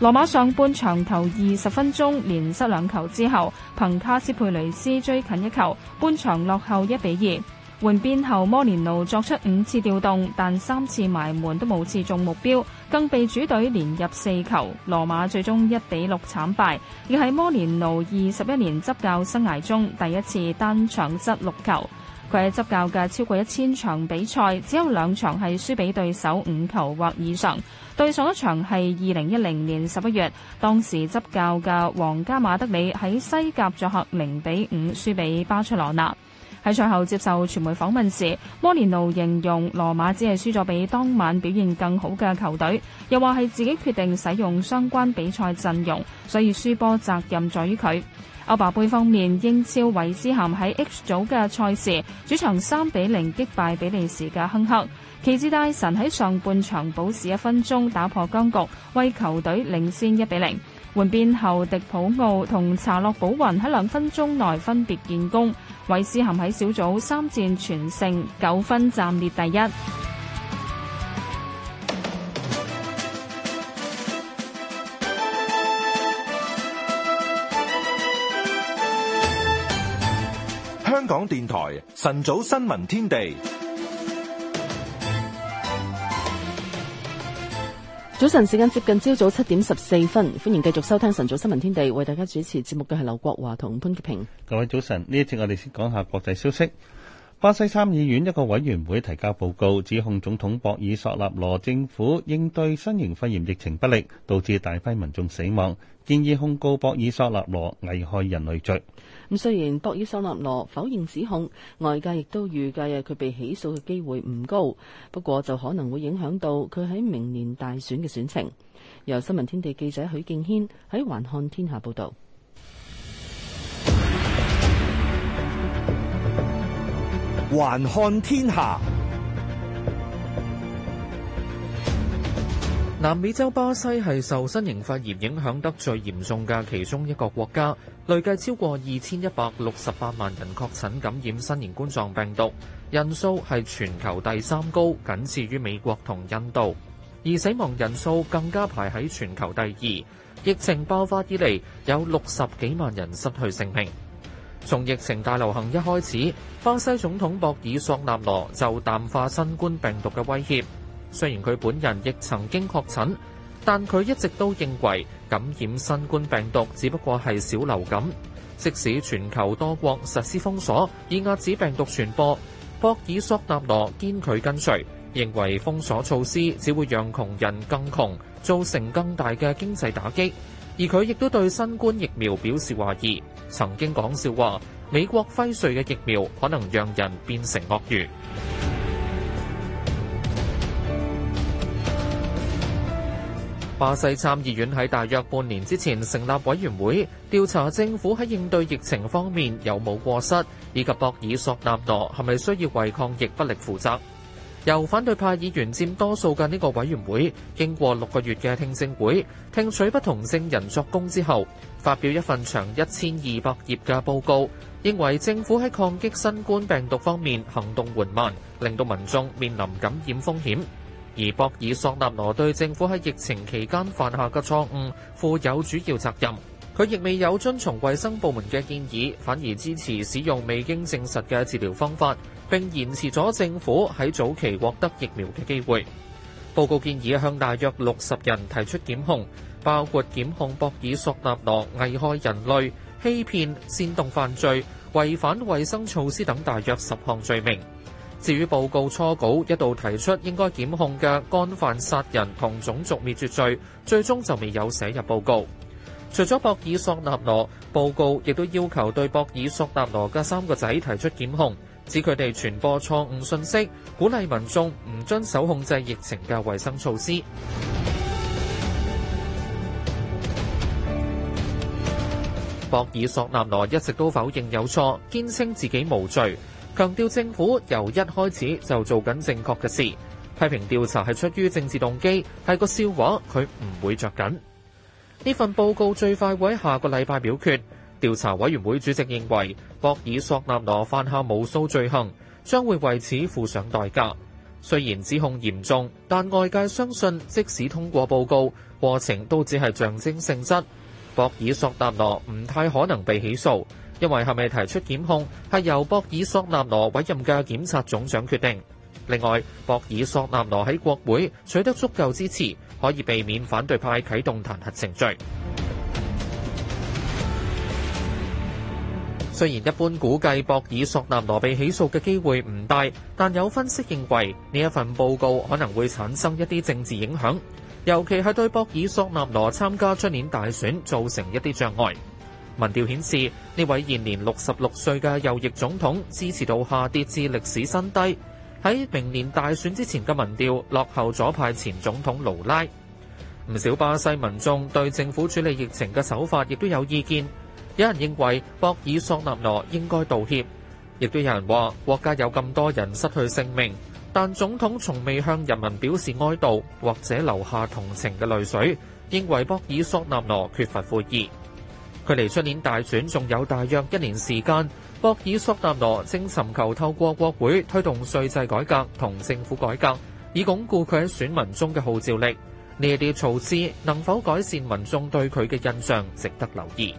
Speaker 11: 羅馬上半場頭二十分鐘連失兩球之後，憑卡斯佩雷斯追近一球，半場落後一比二。換邊後，摩連奴作出五次調動，但三次埋門都冇切中目標，更被主隊連入四球。羅馬最終一比六慘敗，亦係摩連奴二十一年執教生涯中第一次單場失六球。佢喺執教嘅超過一千場比賽，只有兩場係輸俾對手五球或以上。對上一場係二零一零年十一月，當時執教嘅皇家馬德里喺西甲作客零比五輸俾巴塞羅那。喺賽後接受傳媒訪問時，摩連奴形容羅馬只係輸咗俾當晚表現更好嘅球隊，又話係自己決定使用相關比賽陣容，所以輸波責任在於佢。歐霸盃方面，英超韋斯咸喺 H 組嘅賽事主場三比零擊敗比利時嘅亨克，奇志大神喺上半場補時一分鐘打破僵局，為球隊領先一比零。換邊後，迪普奧同查洛保雲喺兩分鐘內分別建功，韋斯咸喺小組三戰全勝，九分暫列第一。
Speaker 1: 港電台晨早新聞天地，
Speaker 3: 早晨時間接近朝早七點十四分，歡迎繼續收聽晨早新聞天地，為大家主持節目嘅係劉國華同潘潔平。
Speaker 4: 各位早晨，呢一節我哋先講下國際消息。巴西參議院一個委員會提交報告，指控總統博爾索納羅政府應對新型肺炎疫情不力，導致大批民眾死亡，建議控告博爾索納羅危害人類罪。
Speaker 3: 咁雖然博爾索納羅否認指控，外界亦都預計啊，佢被起訴嘅機會唔高。不過就可能會影響到佢喺明年大選嘅選情。由新聞天地記者許敬軒喺環看天下報道。
Speaker 13: 環看天下。天下南美洲巴西係受新型肺炎影響得最嚴重嘅其中一個國家。累計超過二千一百六十八萬人確診感染新型冠狀病毒，人數係全球第三高，僅次於美國同印度。而死亡人數更加排喺全球第二。疫情爆發以嚟，有六十幾萬人失去性命。從疫情大流行一開始，巴西總統博爾索納羅就淡化新冠病毒嘅威脅，雖然佢本人亦曾經確診。但佢一直都認為感染新冠病毒只不過係小流感，即使全球多國實施封鎖以遏止病毒傳播，博爾索納羅堅拒跟隨，認為封鎖措施只會讓窮人更窮，造成更大嘅經濟打擊。而佢亦都對新冠疫苗表示懷疑，曾經講笑話美國輝瑞嘅疫苗可能讓人變成鱷魚。巴西參議院喺大約半年之前成立委員會調查政府喺應對疫情方面有冇過失，以及博爾索納羅係咪需要為抗疫不力負責，由反對派議員佔多數嘅呢個委員會經過六個月嘅聽證會聽取不同證人作供之後發表一份長一千二百頁嘅報告，認為政府喺抗擊新冠病毒方面行動緩慢，令到民眾面臨感染風險。而博爾索納羅對政府喺疫情期間犯下嘅錯誤負有主要責任。佢亦未有遵從衛生部門嘅建議，反而支持使用未經證實嘅治療方法，並延遲咗政府喺早期獲得疫苗嘅機會。報告建議向大約六十人提出檢控，包括檢控博爾索納羅危害人類、欺騙、煽動犯罪、違反衛生措施等大約十項罪名。至於報告初稿一度提出應該檢控嘅干犯殺人同種族滅絕罪，最終就未有寫入報告。除咗博爾索納羅，報告亦都要求對博爾索納羅嘅三個仔提出檢控，指佢哋傳播錯誤信息，鼓勵民眾唔遵守控制疫情嘅衛生措施。 博爾索納羅一直都否認有錯，堅稱自己無罪。強調政府由一開始就做緊正確嘅事，批評調查係出於政治動機，係個笑話，佢唔會着緊。呢份報告最快會喺下個禮拜表決。調查委員會主席認為博爾索納羅犯下無數罪行，將會為此付上代價。雖然指控嚴重，但外界相信即使通過報告，過程都只係象徵性質。博爾索納羅唔太可能被起訴。因為係咪提出檢控係由博爾索納羅委任嘅檢察總長決定。另外，博爾索納羅喺國會取得足夠支持，可以避免反對派啟動彈劾程序。 雖然一般估計博爾索納羅被起訴嘅機會唔大，但有分析認為呢一份報告可能會產生一啲政治影響，尤其係對博爾索納羅參加出年大選造成一啲障礙。民調顯示，呢位現年六十六歲嘅右翼總統支持度下跌至歷史新低。喺明年大選之前嘅民調，落後左派前總統盧拉。唔少巴西民眾對政府處理疫情嘅手法亦都有意見。有人認為博爾索納羅應該道歉，亦都有人話國家有咁多人失去性命，但總統從未向人民表示哀悼或者流下同情嘅淚水，認為博爾索納羅缺乏悔意。距離出年大選仲有大約一年時間，博爾索納羅正尋求透過國會推動稅制改革同政府改革，以鞏固佢喺選民中嘅號召力。呢啲措施能否改善民眾對佢嘅印象，值得留意。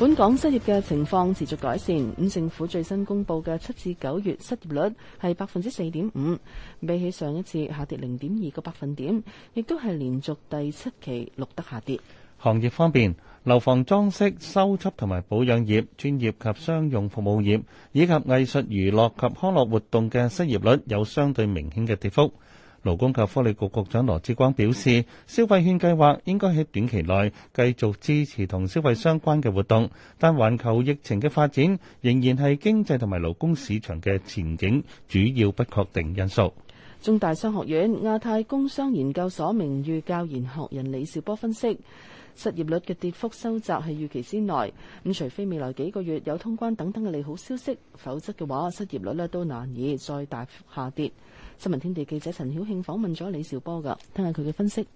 Speaker 3: 本港失業嘅情況持續改善，五政府最新公布嘅七至九月失業率係百分之四點五，比起上一次下跌零點二個百分點，亦都係連續第七期錄得下跌。
Speaker 4: 行業方面，樓房裝飾、修葺同埋保養業、專業及商用服務業以及藝術娛樂及康樂活動嘅失業率有相對明顯嘅跌幅。勞工及福利局局長羅志光表示，消費券計劃應該喺短期內繼續支持同消費相關嘅活動，但環球疫情嘅發展仍然係經濟同埋勞工市場嘅前景主要不確定因素。
Speaker 3: 中大商學院亞太工商研究所名譽教研學人李兆波分析，失業率嘅跌幅收窄係預期之內，咁除非未來幾個月有通關等等嘅利好消息，否則嘅話失業率呢都難以再大幅下跌。新聞天地記者陳曉慶訪問咗李兆波㗎，聽下佢嘅分析。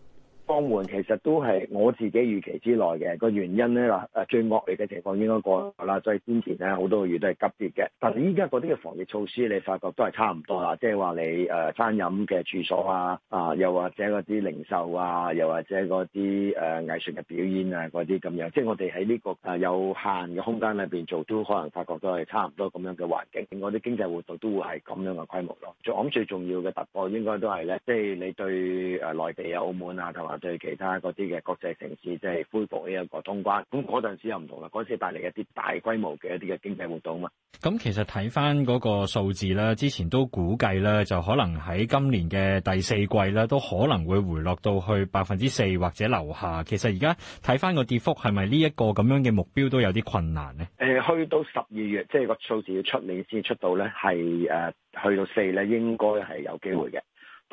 Speaker 5: 放緩其實都係我自己預期之內嘅個原因咧嗱，誒、啊、最惡劣嘅情況應該過咗啦。所以先前咧好多個月都係急跌嘅，但係依家嗰啲嘅防疫措施你發覺都係差唔多啦，即係話你誒餐、呃、飲嘅住所啊，啊又或者嗰啲零售啊，又或者嗰啲誒藝術嘅表演啊嗰啲咁樣，即、就、係、是、我哋喺呢個誒有限嘅空間裏邊做，都可能發覺都係差唔多咁樣嘅環境，我啲經濟活動都會係咁樣嘅規模咯。我諗最重要嘅突破應該都係咧，即、就、係、是、你對誒內地啊、澳門啊同埋。對其他嗰啲嘅國際城市，即係恢復呢一個通關，咁嗰陣時又唔同啦。嗰時帶嚟一啲大規模嘅一啲嘅經濟活動啊嘛。
Speaker 1: 咁、嗯、其實睇翻嗰個數字啦，之前都估計啦，就可能喺今年嘅第四季咧，都可能會回落到去百分之四或者以下。其實而家睇翻個跌幅，係咪呢一個咁樣嘅目標都有啲困難呢？
Speaker 5: 誒、呃，去到十二月，即係個數字要出嚟先出到咧，係誒、呃、去到四咧，應該係有機會嘅。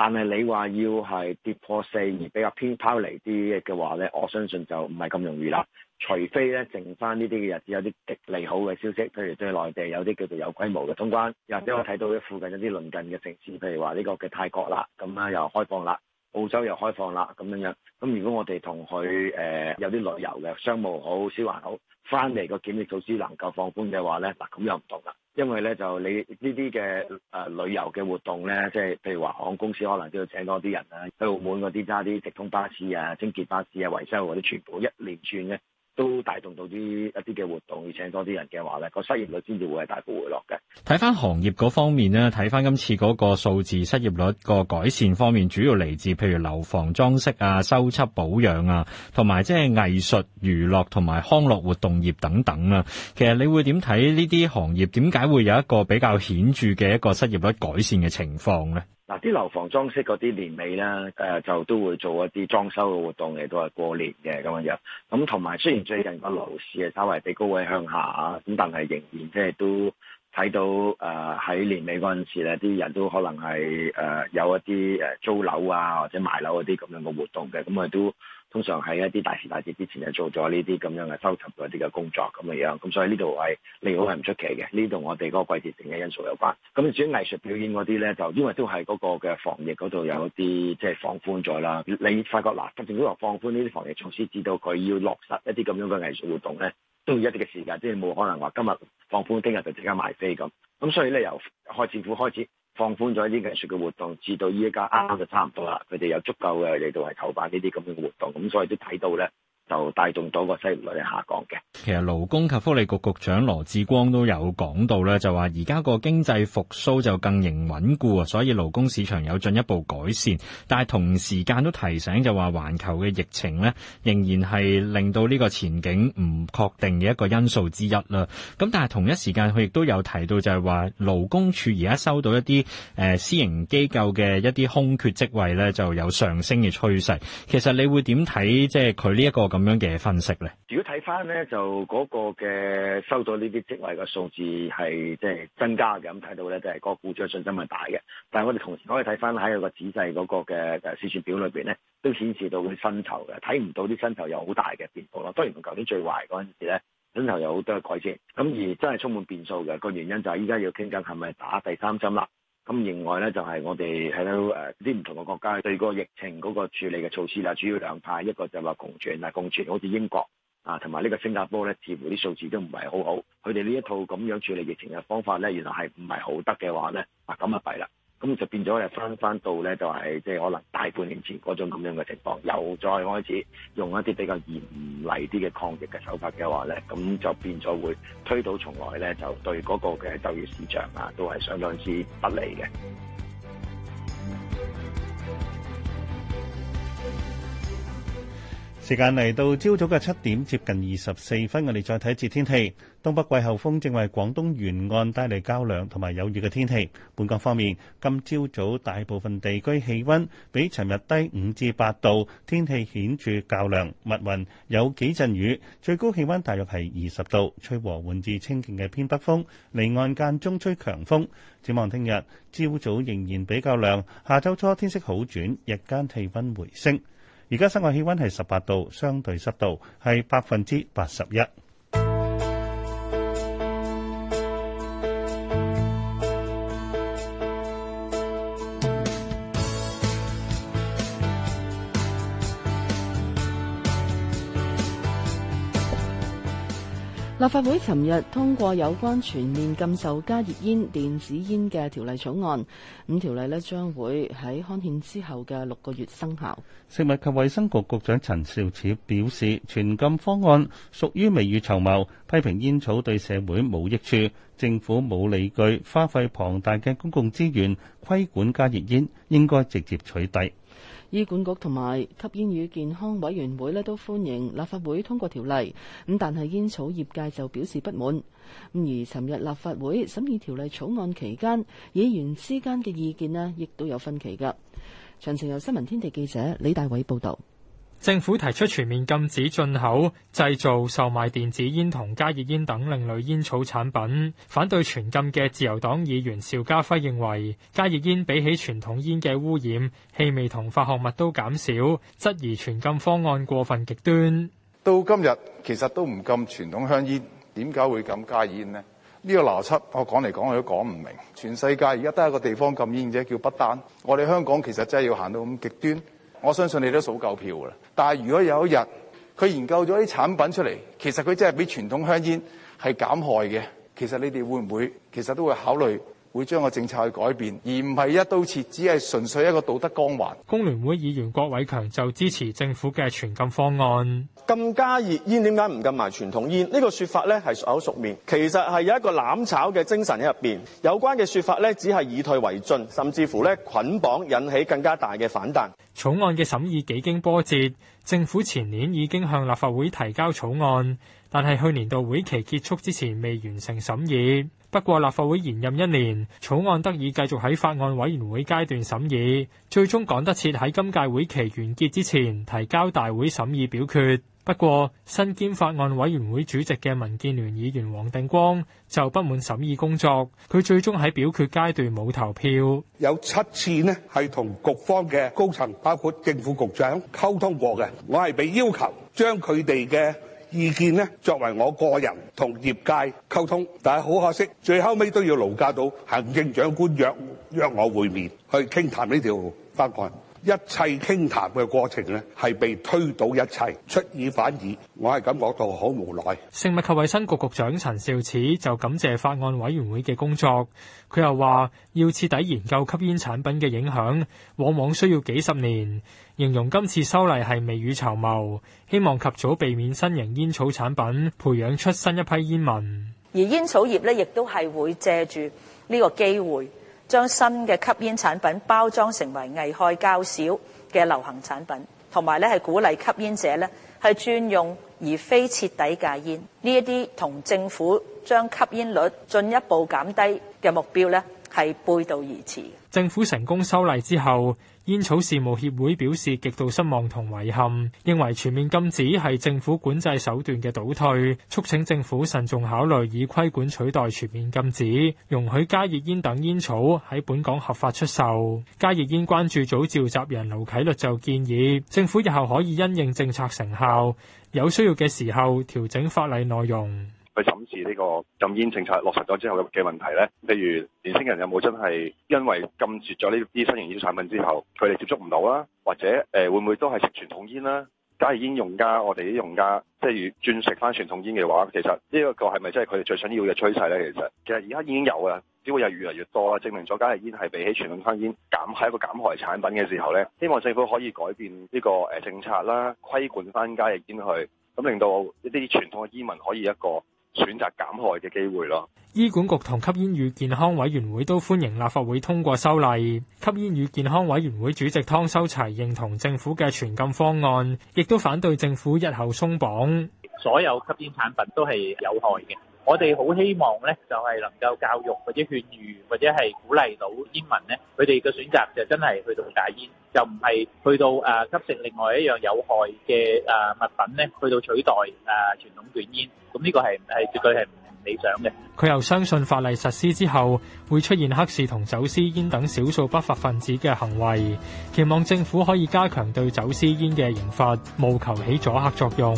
Speaker 5: 但係你話要係跌破四而比較偏拋離啲嘅話咧，我相信就唔係咁容易啦。除非咧剩翻呢啲嘅日子有啲極利好嘅消息，譬如對內地有啲叫做有規模嘅通關，又或者我睇到啲附近有啲鄰近嘅城市，譬如話呢個嘅泰國啦，咁啊又開放啦。澳洲又開放啦，咁樣樣，咁如果我哋同佢誒有啲旅遊嘅，商務好、消閒好，翻嚟個檢疫措施能夠放寬嘅話咧，嗱咁又唔同啦，因為咧就你呢啲嘅誒旅遊嘅活動咧，即係譬如話航空公司可能都要請多啲人啦，喺澳門嗰啲揸啲直通巴士啊、清潔巴士啊、維修嗰啲，全部一連串嘅。都帶動到啲一啲嘅活動，而請多啲人嘅話呢，呢個失業率先至會係大幅回落嘅。
Speaker 1: 睇翻行業嗰方面咧，睇翻今次嗰個數字失業率個改善方面，主要嚟自，譬如樓房裝飾啊、修葺保養啊，同埋即係藝術娛樂同埋康樂活動業等等啊，其實你會點睇呢啲行業？點解會有一個比較顯著嘅一個失業率改善嘅情況咧？
Speaker 5: 嗱，啲、啊、樓房裝飾嗰啲年尾咧，誒、啊、就都會做一啲裝修嘅活動嘅，都係過年嘅咁樣樣，咁同埋雖然最近個樓市係稍微比高位向下，咁但係仍然即係都。睇到誒喺、呃、年尾嗰陣時咧，啲人都可能係誒、呃、有一啲誒租樓啊，或者買樓嗰啲咁樣嘅活動嘅，咁我哋都通常喺一啲大時大節之前就做咗呢啲咁樣嘅收集嗰啲嘅工作咁嘅樣，咁所以呢度係利好係唔出奇嘅，呢度我哋嗰個季節性嘅因素有關。咁至於藝術表演嗰啲咧，就因為都係嗰個嘅防疫嗰度有啲即係放寬咗啦。你發覺嗱、呃，特政府話放寬呢啲防疫措施，至到佢要落實一啲咁樣嘅藝術活動咧。都要一定嘅時間，即係冇可能話今日放寬，聽日就即刻賣飛咁。咁所以咧，由開政府開始放寬咗呢啲藝術嘅活動，至到依家啱啱就差唔多啦。佢哋有足夠嘅嚟到係籌辦呢啲咁嘅活動，咁所以都睇到咧。就帶動多個失業率下降
Speaker 1: 嘅。其實勞工及福利局局長羅志光都有講到咧，就話而家個經濟復蘇就更形穩固啊，所以勞工市場有進一步改善。但係同時間都提醒就話環球嘅疫情咧仍然係令到呢個前景唔確定嘅一個因素之一啦。咁但係同一時間佢亦都有提到就係話勞工處而家收到一啲誒、呃、私營機構嘅一啲空缺職位咧，就有上升嘅趨勢，其實你會點睇即係佢呢一個咁？咁樣嘅分析咧，
Speaker 5: 如果睇翻咧就嗰個嘅收咗呢啲職位嘅數字係即係增加嘅，咁睇到咧就係、是、個股漲信心係大嘅。但係我哋同時可以睇翻喺個仔細嗰個嘅誒試算表裏邊咧，都顯示到佢薪酬嘅睇唔到啲薪酬有好大嘅變動咯。當然同舊年最壞嗰陣時咧，薪酬有好多嘅改善。咁而真係充滿變數嘅個原因就係依家要傾緊係咪打第三針啦。咁，另外咧就係我哋喺度誒啲唔同嘅國家對個疫情嗰個處理嘅措施啦，主要兩派，一個就話共存啊，共存，好似英國啊，同埋呢個新加坡咧，似乎啲數字都唔係好好，佢哋呢一套咁樣處理疫情嘅方法咧，原來係唔係好得嘅話咧，啊咁啊弊啦～咁就變咗，又返返到咧，就係即係可能大半年前嗰種咁樣嘅情況，又再開始用一啲比較嚴厲啲嘅抗疫嘅手法嘅話咧，咁就變咗會推倒重來咧，就對嗰個嘅就業市場啊，都係相當
Speaker 1: 之不利嘅。
Speaker 4: 時間嚟到朝早嘅七點接近二十四分，我哋再睇一次天氣。東北季候風正為廣東沿岸帶嚟較涼同埋有雨嘅天氣。本港方面，今朝早，早大部分地區氣温比尋日低五至八度，天氣顯著較涼，密雲有幾陣雨，最高氣温大約係二十度，吹和緩至清勁嘅偏北風，離岸間中吹強風。展望聽日，朝早仍然比較涼，下週初天色好轉，日間氣温回升。而家室外氣溫係十八度，相對濕度係百分之八十一。
Speaker 3: 立法會尋日通過有關全面禁售加熱煙、電子煙嘅條例草案。咁、嗯、條例咧將會喺刊憲之後嘅六個月生效。
Speaker 4: 食物及衛生局局長陳肇始表示，全禁方案屬於未雨綢繆，批評煙草對社會冇益處，政府冇理據花費龐大嘅公共資源規管加熱煙，應該直接取締。
Speaker 3: 醫管局同埋吸煙與健康委員會呢都歡迎立法會通過條例，咁但係煙草業界就表示不滿，咁而尋日立法會審議條例草案期間，議員之間嘅意見呢，亦都有分歧噶。詳情由新聞天地記者李大偉報道。
Speaker 16: 政府提出全面禁止進口、製造、售賣電子煙同加熱煙等另類煙草產品。反對全禁嘅自由黨議員邵家輝認為，加熱煙比起傳統煙嘅污染、氣味同化學物都減少，質疑全禁方案過分極端。
Speaker 10: 到今日其實都唔禁傳統香煙，點解會咁加熱煙呢？呢、這個邏輯我講嚟講去都講唔明。全世界而家得一個地方禁煙者叫不丹。我哋香港其實真係要行到咁極端。我相信你都數夠票啦，但係如果有一日佢研究咗啲產品出嚟，其實佢真係比傳統香煙係減害嘅，其實你哋會唔會其實都會考慮會將個政策去改變，而唔係一刀切，只係純粹一個道德光環。
Speaker 16: 工聯會議員郭偉強就支持政府嘅全禁方案。禁加熱煙點解唔禁埋傳統煙？呢
Speaker 1: 個説法呢係熟口熟面，其實係有一個攬炒嘅精神喺入邊。有關嘅説法呢，只係以退為進，甚至乎呢捆綁，引起更加大嘅反彈。
Speaker 16: 草案嘅審議幾經波折，政府前年已經向立法會提交草案，但係去年度會期結束之前未完成審議。不過立法會延任一年，草案得以繼續喺法案委員會階段審議，最終趕得切喺今屆會期完結之前提交大會審議表決。不過身兼法案委員會主席嘅民建聯議員黃定光就不滿審議工作，佢最終喺表決階
Speaker 13: 段冇投票。有七次呢係同局方嘅高層，包括政府局長溝通過嘅，我係被要求將佢哋嘅。意見呢，作為我個人同業界溝通，但係好可惜，最後尾都要勞駕到行政長官約約我會面去傾談呢條法案。一切傾談嘅過程呢，係被推倒一切，出爾反爾，我係感覺到好無奈。食
Speaker 16: 物及衞生局局長陳肇始就感謝法案委員會嘅工作，佢又話要徹底研究吸煙產品嘅影響，往往需要幾十年。形容今次修例係未雨綢繆，希望及早避免新型煙草產品，培養出新一批煙民。
Speaker 6: 而煙草業呢，亦都係會借住呢個機會，將新嘅吸煙產品包裝成為危害較少嘅流行產品，同埋呢，係鼓勵吸煙者呢，係專用而非徹底戒煙。呢一啲同政府將吸煙率進一步減低嘅目標呢，係背道而馳。
Speaker 16: 政府成功修例之後。煙草事務協會表示極度失望同遺憾，認為全面禁止係政府管制手段嘅倒退，促請政府慎重考慮以規管取代全面禁止，容許加熱煙等煙草喺本港合法出售。加熱煙關注組召集人盧啟律就建議，政府日後可以因應政策成效，有需要嘅時候調整法例內容。
Speaker 5: 去審視呢個禁煙政策落實咗之後嘅問題呢，譬如年輕人有冇真係因為禁絕咗呢啲新型煙產品之後，佢哋接觸唔到啦，或者誒、呃、會唔會都係食傳統煙啦、啊？加熱煙用家，我哋啲用家即係轉食翻傳統煙嘅話，其實呢一個係咪真係佢哋最想要嘅趨勢呢？其實其實而家已經有啦，只不過又越嚟越多啦，證明咗加熱煙係比起傳統香煙減係一個減害產品嘅時候呢，希望政府可以改變呢個誒政策啦，規管翻加熱煙去，咁令到一啲傳統嘅煙民可以一
Speaker 17: 個選擇減害嘅機會咯。
Speaker 16: 醫管局同吸煙與健康委員會都歡迎立法會通過修例。吸煙與健康委員會主席湯修齊認同政府嘅全禁方案，亦都反對政府日後鬆綁。
Speaker 17: 所有吸煙產品都係有害嘅。我哋好希望咧，就係能夠教育或者勸喻或者係鼓勵到煙民咧，佢哋嘅選擇就真係去到戒煙，就唔係去到誒吸食另外一樣有害嘅誒物品咧，去到取代誒傳統捲煙。咁呢個係係絕對係唔理想嘅。
Speaker 16: 佢又相信法例實施之後，會出現黑市同走私煙等少數不法分子嘅行為，期望政府可以加強對走私煙嘅刑法，務求起阻嚇作用。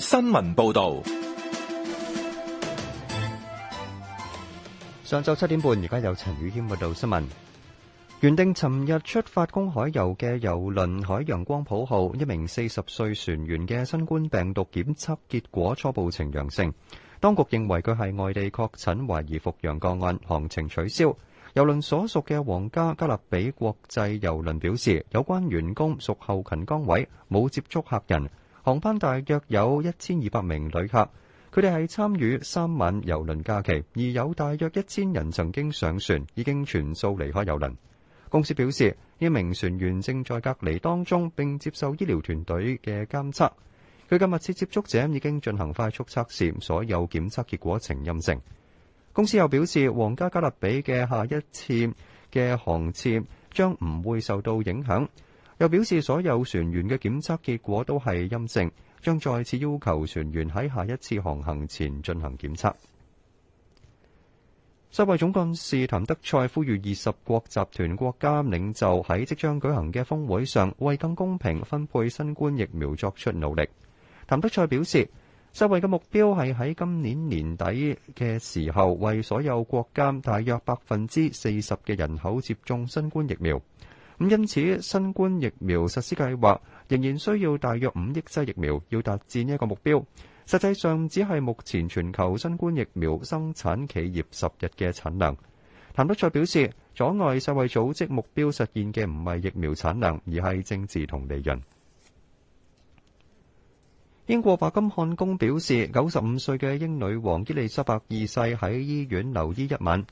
Speaker 10: 新聞報道。上晝七點半，而家有陳宇謙報道新聞。原定尋日出發公海遊嘅遊輪海洋光譜號，一名四十歲船員嘅新冠病毒檢測結果初步呈陽性，當局認為佢係外地確診懷疑復陽個案，行程取消。遊輪所屬嘅皇家加勒比國際遊輪表示，有關員工屬後勤崗位，冇接觸客人。航班大約有一千二百名旅客，佢哋係參與三晚遊輪假期，而有大約一千人曾經上船，已經全數離開遊輪。公司表示，呢名船員正在隔離當中並接受醫療團隊嘅監測，佢嘅密切接觸者已經進行快速測試，所有檢測結果呈陰性。公司又表示，皇家加勒比嘅下一次嘅航次將唔會受到影響。又表示所有船員嘅檢測結果都係陰性，將再次要求船員喺下一次航行前進行檢測。世衛總幹事譚德塞呼籲二十國集團國家領袖喺即將舉行嘅峰會上，為更公平分配新冠疫苗作出努力。譚德塞表示，世衛嘅目標係喺今年年底嘅時候，為所有國家大約百分之四十嘅人口接種新冠疫苗。咁因此，新冠疫苗實施計劃仍然需要大約五億劑疫苗，要達至一個目標。實際上，只係目前全球新冠疫苗生產企業十日嘅產能。譚德塞表示，阻礙世衛組織目標實現嘅唔係疫苗產能，而係政治同利潤。英國白金漢宮表示，九十五歲嘅英女王伊利沙伯二世喺醫院留醫一晚，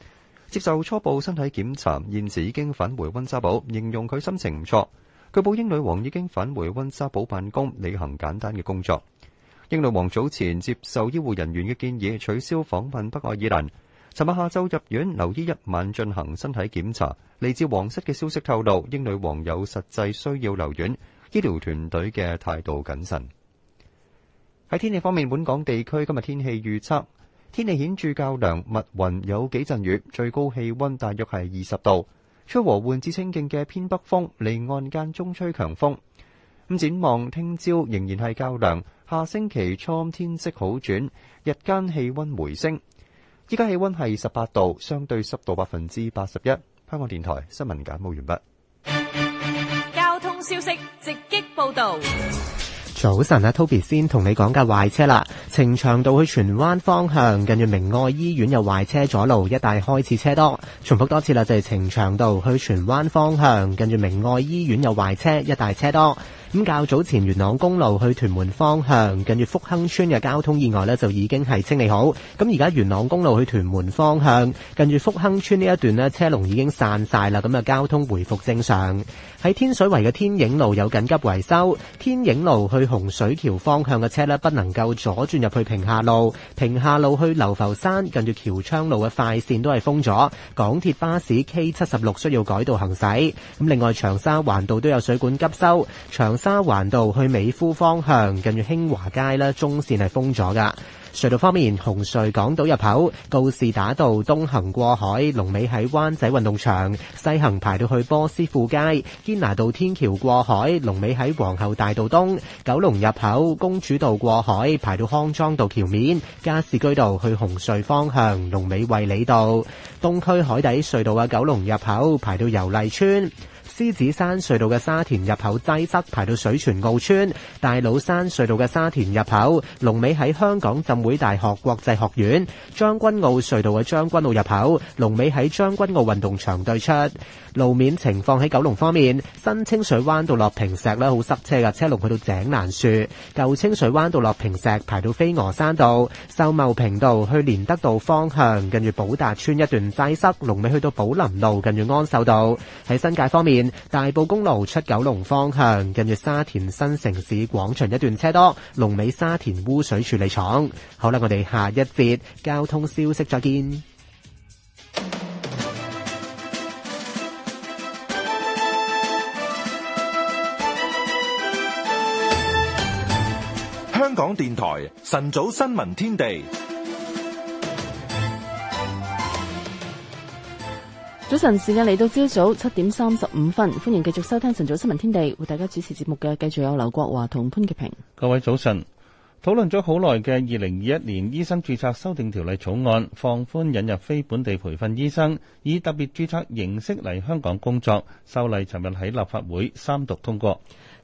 Speaker 10: 接受初步身體檢查，現時已經返回溫莎堡，形容佢心情唔錯。據報英女王已經返回溫莎堡辦公，履行簡單嘅工作。英女王早前接受醫護人員嘅建議，取消訪問北愛爾蘭。尋日下晝入院留醫一晚，進行身體檢查。嚟自皇室嘅消息透露，英女王有實際需要留院，醫療團隊嘅態度謹慎。喺天氣方面，本港地區今日天，天氣預測。天氣顯著較涼，密雲有幾陣雨，最高氣温大約係二十度。吹和緩至清勁嘅偏北風，離岸間中吹強風。咁展望聽朝仍然係較涼，下星期初天色好轉，日間氣温回升。依家氣温係十八度，相對濕度百分之八十一。香港電台新聞簡報完畢。
Speaker 6: 交通消息，直擊報道。
Speaker 10: 早晨啊，Toby
Speaker 14: 先同你講架壞車啦，呈祥道去荃灣方向，近住明愛醫院又壞車阻路，一帶開始車多。重複多次啦，就係呈祥道去荃灣方向，近住明愛醫院又壞車，一帶車多。咁、嗯、較早前元朗公路去屯門方向，近住福亨村嘅交通意外呢，就已經係清理好。咁而家元朗公路去屯門方向，近住福亨村呢一段呢，車龍已經散晒啦，咁啊交通回復正常。喺天水圍嘅天影路有緊急維修，天影路去洪水橋方向嘅車咧不能夠左轉入去屏廈路，屏廈路去流浮山近住橋昌路嘅快線都係封咗，港鐵巴士 K 七十六需要改道行駛，咁另外長沙灣道都有水管急修，長沙灣道去美孚方向近住興華街咧中線係封咗噶。隧道方面，紅隧港島入口告士打道東行過海，龍尾喺灣仔運動場；西行排到去波斯富街，堅拿道天橋過海，龍尾喺皇后大道東；九龍入口公主道過海，排到康莊道橋面，加士居道去紅隧方向，龍尾衛理道；東區海底隧道嘅，九龍入口排到油麗村。獅子山隧道嘅沙田入口擠塞，排到水泉澳村；大老山隧道嘅沙田入口，龍尾喺香港浸會大學國際學院；將軍澳隧道嘅將軍澳入口，龍尾喺將軍澳運動場對出。路面情況喺九龍方面，新清水灣道落坪石呢好塞車㗎，車龍去到井欄樹；舊清水灣道落坪石排到飛鵝山道、秀茂坪道去連德道方向，近住寶達村一段擠塞，龍尾去到寶林路近住安秀道。喺新界方面，大埔公路出九龍方向，近住沙田新城市廣場一段車多，龍尾沙田污水處理廠。好啦，我哋下一節交通消息再見。
Speaker 1: 香港電台晨早新聞天地。
Speaker 3: 早晨時間嚟到，朝早七點三十五分，歡迎繼續收聽晨早新聞天地，為大家主持節目嘅繼續有劉國華同潘潔平。
Speaker 4: 各位早晨，討論咗好耐嘅二零二一年醫生注冊修訂條例草案，放寬引入非本地培訓醫生以特別注冊形式嚟香港工作，修例尋日喺立法會三讀通過。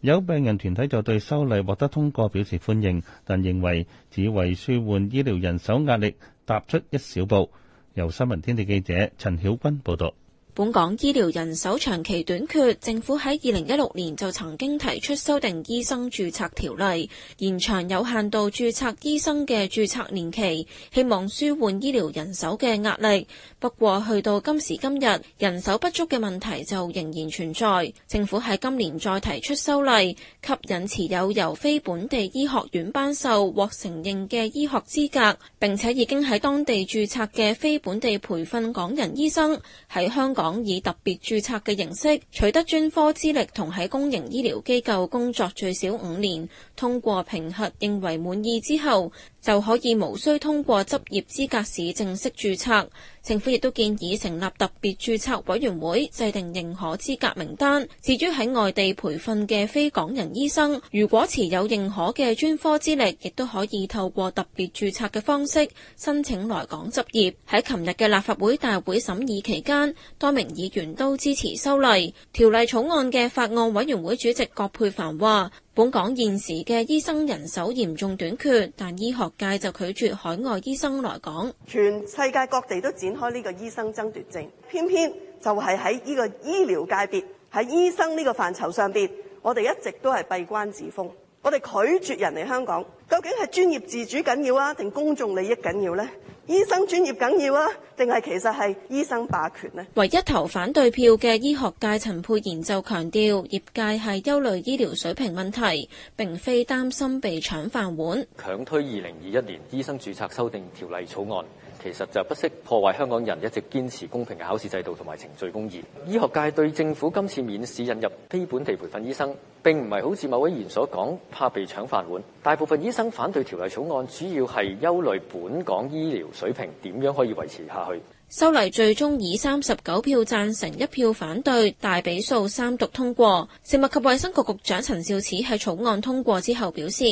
Speaker 4: 有病人團體就對修例獲得通過表示歡迎，但認為只為舒緩醫療人手壓力踏出一小步。由新聞天地記者陳曉君報道。
Speaker 18: 本港醫療人手長期短缺，政府喺二零一六年就曾經提出修訂醫生註冊條例，延長有限度註冊醫生嘅註冊年期，希望舒緩醫療人手嘅壓力。不過去到今時今日，人手不足嘅問題就仍然存在。政府喺今年再提出修例，吸引持有由非本地醫學院頒授獲承認嘅醫學資格，並且已經喺當地註冊嘅非本地培訓港人醫生喺香港。以特別註冊嘅形式，取得專科資歷，同喺公營醫療機構工作最少五年，通過評核認為滿意之後，就可以無需通過執業資格試正式註冊，政府亦都建議成立特別註冊委員會制定認可資格名單。至於喺外地培訓嘅非港人醫生，如果持有認可嘅專科資歷，亦都可以透過特別註冊嘅方式申請來港執業。喺琴日嘅立法會大會審議期間，多名議員都支持修例。條例草案嘅法案委員會主席葛珮帆話，本港現時嘅醫生人手嚴重短缺，但醫學界就拒絕海外醫生來港，全世界各地都展開呢個醫生爭奪戰，偏偏就係喺呢個醫療界別，喺醫生呢個範疇上面，我哋一
Speaker 3: 直都係閉關自封。我哋拒絕人嚟香港，究竟係專業自主緊要啊，定公眾利益緊要呢？醫生專業緊要啊，定係其實係醫生霸權
Speaker 18: 呢？唯一投反對票嘅醫學界陳沛然就強調，業界係憂慮醫療水平問題，並非擔心被搶飯碗。
Speaker 9: 強推二零二一年醫生註冊修訂條例草案。其實就不惜破壞香港人一直堅持公平嘅考試制度同埋程序公義。醫學界對政府今次免試引入非本地培訓醫生，並唔係好似某位議員所講怕被搶飯碗。大部分醫生反對條例草案，主要係憂慮本港醫療水平點樣可以維持下去。
Speaker 18: 修例最終以三十九票贊成一票反對，大比數三讀通過。食物及衛生局局長陳肇始喺草案通過之後表示。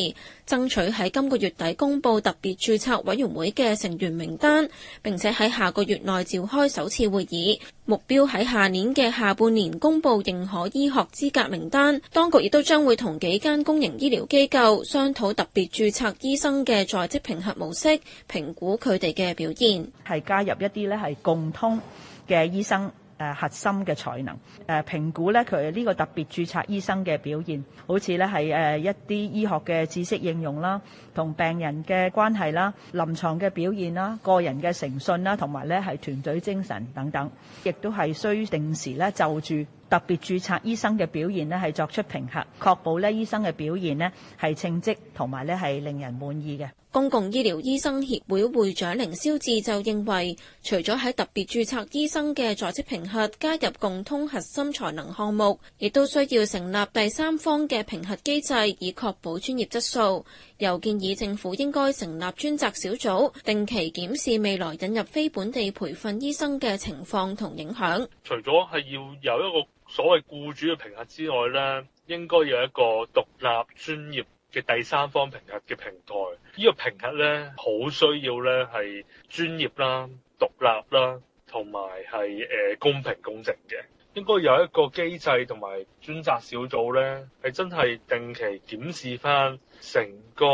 Speaker 18: 爭取喺今個月底公布特別註冊委員會嘅成員名單，並且喺下個月內召開首次會議，目標喺下年嘅下半年公布認可醫學資格名單。當局亦都將會同幾間公營醫療機構商討特別註冊醫生嘅在職評核模式，評估佢哋嘅表現。係加入一啲呢係共通嘅
Speaker 6: 醫生。誒核心嘅才能，誒、呃、評估咧佢呢個特別註冊醫生嘅表現，好似咧係誒一啲醫學嘅知識應用啦，同病人嘅關係啦，臨床嘅表現啦，個人嘅誠信啦，同埋咧係團隊精神等等，亦都係需定時咧就住。特別註冊醫生嘅表現咧，係作出評核，確保咧醫生嘅表現咧係稱職，同埋咧係令人滿意嘅。
Speaker 18: 公共醫療醫生協會會長凌霄智就認為，除咗喺特別註冊醫生嘅在職評核，加入共通核心才能項目，亦都需要成立第三方嘅評核機制，以確保專業質素。又建議政府應該成立專責小組，定期檢視未來引入非本地培訓醫生嘅情況同影響。
Speaker 17: 除咗係要有一個所謂僱主嘅評核之外呢，應該有一個獨立專業嘅第三方評核嘅平台。呢個評核呢，好需要呢係專業啦、獨立啦，同埋係誒公平公正嘅。應該有一個機制同埋專責小組呢係真係定期檢視翻成個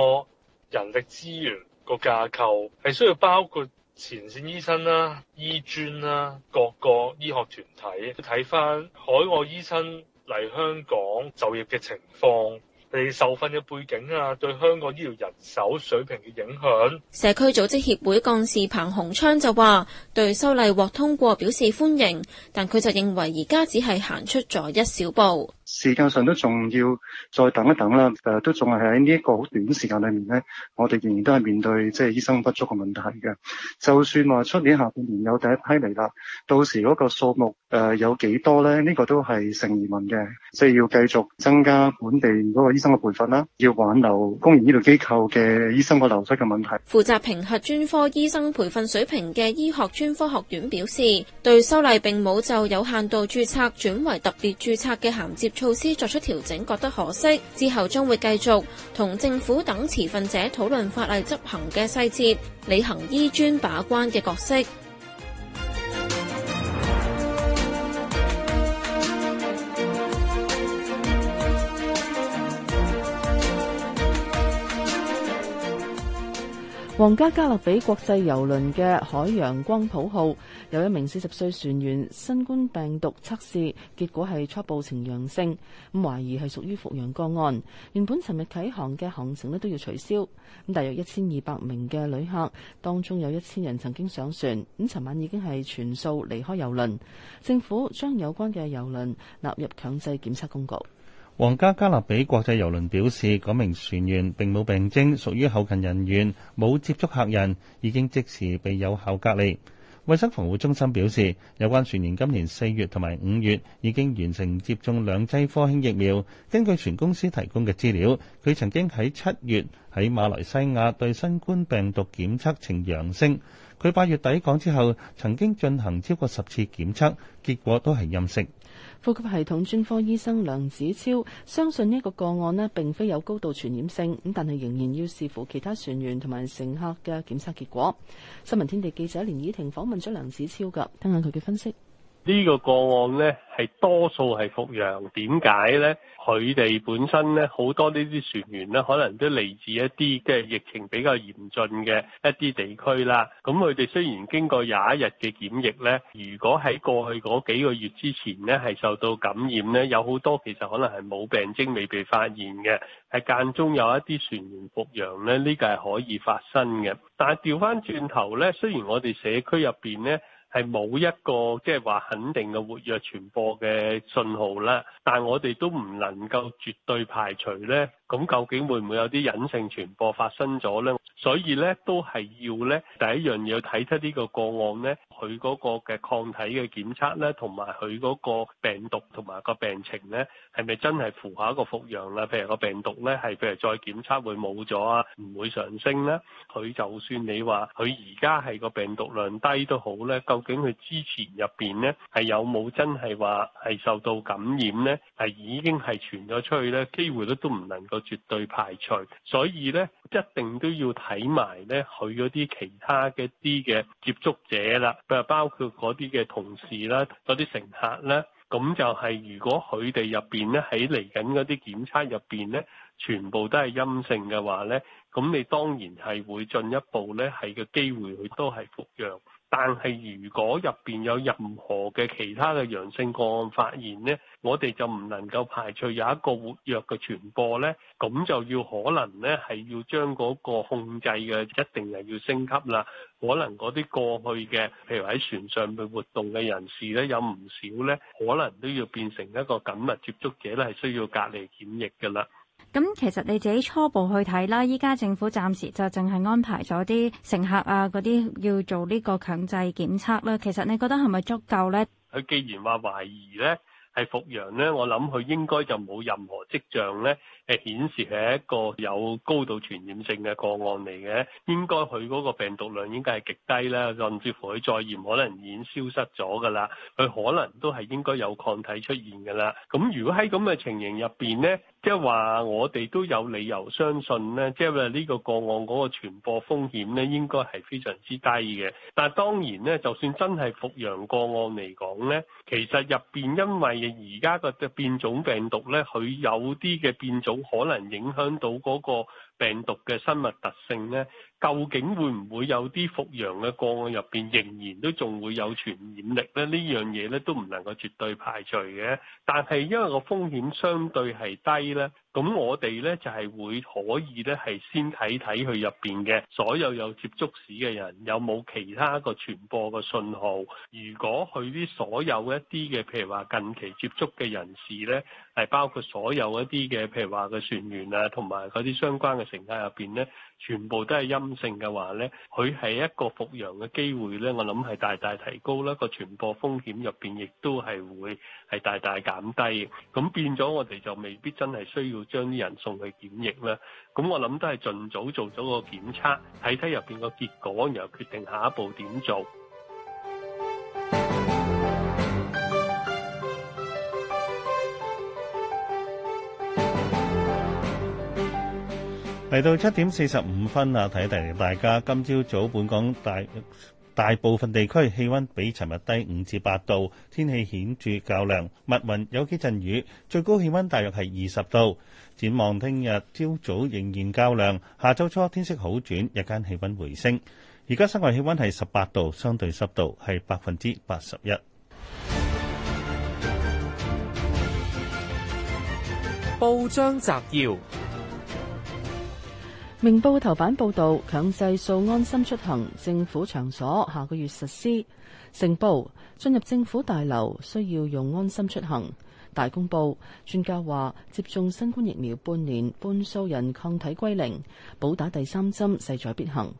Speaker 17: 人力資源個架構，係需要包括。前線醫生啦、啊、醫專啦、啊，各個醫學團體睇翻海外醫生嚟香港就業嘅情況，佢哋受訓嘅背景啊，對香港醫療人手水平嘅影響。
Speaker 18: 社區組織協會幹事彭洪昌就話：對修例獲通過表示歡迎，但佢就認為而家只係行出咗一小步。
Speaker 10: 時間上都仲要再等一等啦，誒、呃、都仲係喺呢一個好短時間裏面咧，我哋仍然都係面對即係醫生不足嘅問題嘅。就算話出年下半年有第一批嚟啦，到時嗰個數目誒、呃、有幾多咧？呢、呢個都係成疑問嘅，即係要繼續增加本地嗰個醫生嘅培訓啦，要挽留公營醫療機構嘅醫生嘅流失嘅問題。
Speaker 18: 負責評核專科醫生培訓水平嘅醫學專科學院表示，對修例並冇就有限度註冊轉為特別註冊嘅銜接。措施作出調整，覺得可惜。之後將會繼續同政府等持份者討論法例執行嘅細節，履行醫專把關嘅角色。
Speaker 3: 皇家加勒比國際遊輪嘅海洋光譜號有一名四十歲船員新冠病毒測試結果係初步呈陽性，咁懷疑係屬於復陽個案。原本尋日啟航嘅航程咧，都要取消，咁大約一千二百名嘅旅客當中有一千人曾經上船，咁尋晚已經係全數離開遊輪。政府將有關嘅遊輪納入強制檢測公告。
Speaker 4: 皇家加勒比國際郵輪表示，嗰名船員並冇病徵，屬於後勤人員，冇接觸客人，已經即時被有效隔離。衞生防護中心表示，有關船員今年四月同埋五月已經完成接種兩劑科興疫苗。根據船公司提供嘅資料，佢曾經喺七月喺馬來西亞對新冠病毒檢測呈陽性。佢八月底港之後，曾經進行超過十次檢測，結果都係陰性。
Speaker 3: 呼吸系統專科醫生梁子超相信呢個個案呢並非有高度傳染性，咁但係仍然要視乎其他船員同埋乘客嘅檢測結果。新聞天地記者連倚婷訪問咗梁子超㗎，聽下佢嘅分析。
Speaker 17: 呢個個案呢，係多數係復陽，點解呢？佢哋本身呢，好多呢啲船員呢，可能都嚟自一啲即係疫情比較嚴峻嘅一啲地區啦。咁佢哋雖然經過廿一日嘅檢疫呢，如果喺過去嗰幾個月之前呢，係受到感染呢，有好多其實可能係冇病徵未被發現嘅，係間中有一啲船員復陽呢，呢個係可以發生嘅。但係調返轉頭呢，雖然我哋社區入邊呢。係冇一個，即係話肯定嘅活躍傳播嘅信號啦，但係我哋都唔能夠絕對排除咧。咁究竟會唔會有啲隱性傳播發生咗咧？所以咧都係要咧第一樣嘢，睇出呢個個案咧，佢嗰個嘅抗體嘅檢測咧，同埋佢嗰個病毒同埋個病情咧，係咪真係符合一個復陽啦？譬如個病毒咧係譬如再檢測會冇咗啊，唔會上升咧。佢就算你話佢而家係個病毒量低都好咧，究竟佢之前入邊咧係有冇真係話係受到感染咧？係已經係傳咗出去咧，機會咧都唔能夠絕對排除，所以咧一定都要睇埋咧佢嗰啲其他嘅啲嘅接觸者啦，包括嗰啲嘅同事啦，嗰啲乘客咧，咁就係如果佢哋入邊咧喺嚟緊嗰啲檢測入邊咧，全部都係陰性嘅話咧，咁你當然係會進一步咧係個機會佢都係服藥。但係，如果入邊有任何嘅其他嘅陽性個案發現咧，我哋就唔能夠排除有一個活躍嘅傳播咧，咁就要可能咧係要將嗰個控制嘅一定係要升級啦。可能嗰啲過去嘅，譬如喺船上嘅活動嘅人士咧，有唔少咧，可能都要變成一個緊密接觸者咧，係需要隔離檢疫㗎喇。
Speaker 11: 咁其實你自己初步去睇啦，依家政府暫時就淨係安排咗啲乘客啊嗰啲要做呢個強制檢測啦。其實你覺得係咪足夠呢？
Speaker 17: 佢既然話懷疑呢係復陽呢，我諗佢應該就冇任何跡象呢。誒顯示係一個有高度傳染性嘅個案嚟嘅，應該佢嗰個病毒量應該係極低啦，甚至乎佢再驗可能已經消失咗噶啦，佢可能都係應該有抗體出現噶啦。咁如果喺咁嘅情形入邊呢，即係話我哋都有理由相信呢，即係話呢個個案嗰個傳播風險呢應該係非常之低嘅。但係當然呢，就算真係復陽個案嚟講呢，其實入邊因為而家個變種病毒呢，佢有啲嘅變種。冇可能影響到嗰個。 病毒嘅生物特性咧，究竟會唔會有啲復陽嘅個案入邊仍然都仲會有傳染力咧？呢樣嘢咧都唔能夠絕對排除嘅。但係因為個風險相對係低咧，咁我哋咧就係會可以咧係先睇睇佢入邊嘅所有有接觸史嘅人有冇其他個傳播嘅信號。如果佢啲所有一啲嘅，譬如話近期接觸嘅人士咧，係包括所有一啲嘅，譬如話嘅船員啊，同埋嗰啲相關嘅。成家入邊咧，全部都係陰性嘅話咧，佢係一個復陽嘅機會咧，我諗係大大提高啦，個傳播風險入邊亦都係會係大大減低。咁變咗我哋就未必真係需要將啲人送去檢疫啦。咁我諗都係盡早做咗個檢測，睇睇入邊個結果，然後決定下一步點做。
Speaker 4: 嚟到七點四十五分啊！睇嚟大家今朝早，早本港大大部分地區氣溫比尋日低五至八度，天氣顯著較涼，密雲有幾陣雨，最高氣溫大約係二十度。展望聽日朝早仍然較涼，下周初天色好轉，日間氣溫回升。而家室外氣溫係十八度，相對濕度係百分之八十一。
Speaker 13: 報章摘要。
Speaker 3: 明報頭版報導強制掃安心出行，政府場所下個月實施。成報進入政府大樓需要用安心出行。大公報專家話，接種新冠疫苗半年半數人抗體歸零，補打第三針勢在必行。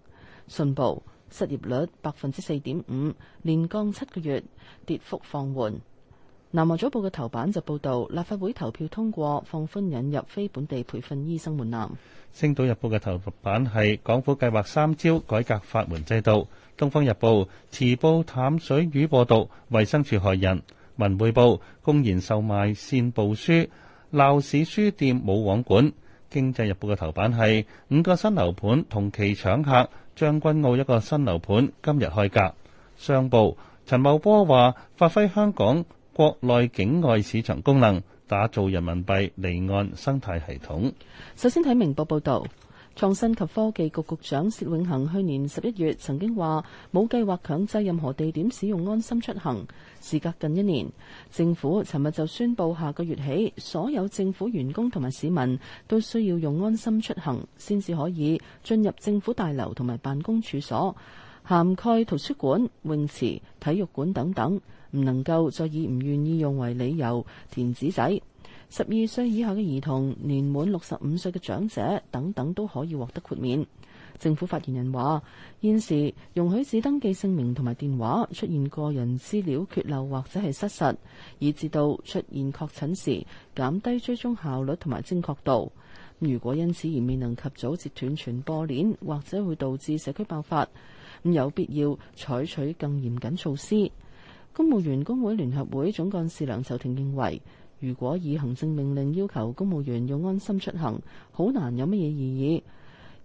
Speaker 3: 信報失業率百分之四點五，連降七個月，跌幅放緩。南華早報嘅頭版就報道立法會投票通過放寬引入非本地培訓醫生門檻。
Speaker 4: 星島日報嘅頭版係港府計劃三招改革法援制度。東方日報遲報淡水魚播毒衛生署害人。文匯報公然售賣線報書，鬧市書店冇網管。經濟日報嘅頭版係五個新樓盤同期搶客，將軍澳一個新樓盤今日開格。上」商報陳茂波話發揮香港。國內境外市場功能，打造人民幣離岸生態
Speaker 3: 系統。首先睇明報報道，創新及科技局局長薛永恒去年十一月曾經話冇計劃強制任何地點使用安心出行。事隔近一年，政府尋日就宣布下個月起，所有政府員工同埋市民都需要用安心出行先至可以進入政府大樓同埋辦公處所，涵蓋圖書館、泳池、體育館等等。唔能夠再以唔願意用為理由填紙仔。十二歲以下嘅兒童、年滿六十五歲嘅長者等等都可以獲得豁免。政府發言人話：現時容許只登記姓名同埋電話出現個人資料缺漏或者係失實，以致到出現確診時減低追蹤效率同埋精確度。如果因此而未能及早截斷傳播鏈，或者會導致社區爆發，咁有必要採取更嚴謹措施。公務員工會聯合會總幹事梁秀婷認為，如果以行政命令要求公務員要安心出行，好難有乜嘢意義。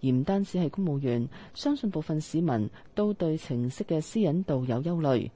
Speaker 3: 而唔單止係公務員，相信部分市民都對程式嘅私隱度有憂慮。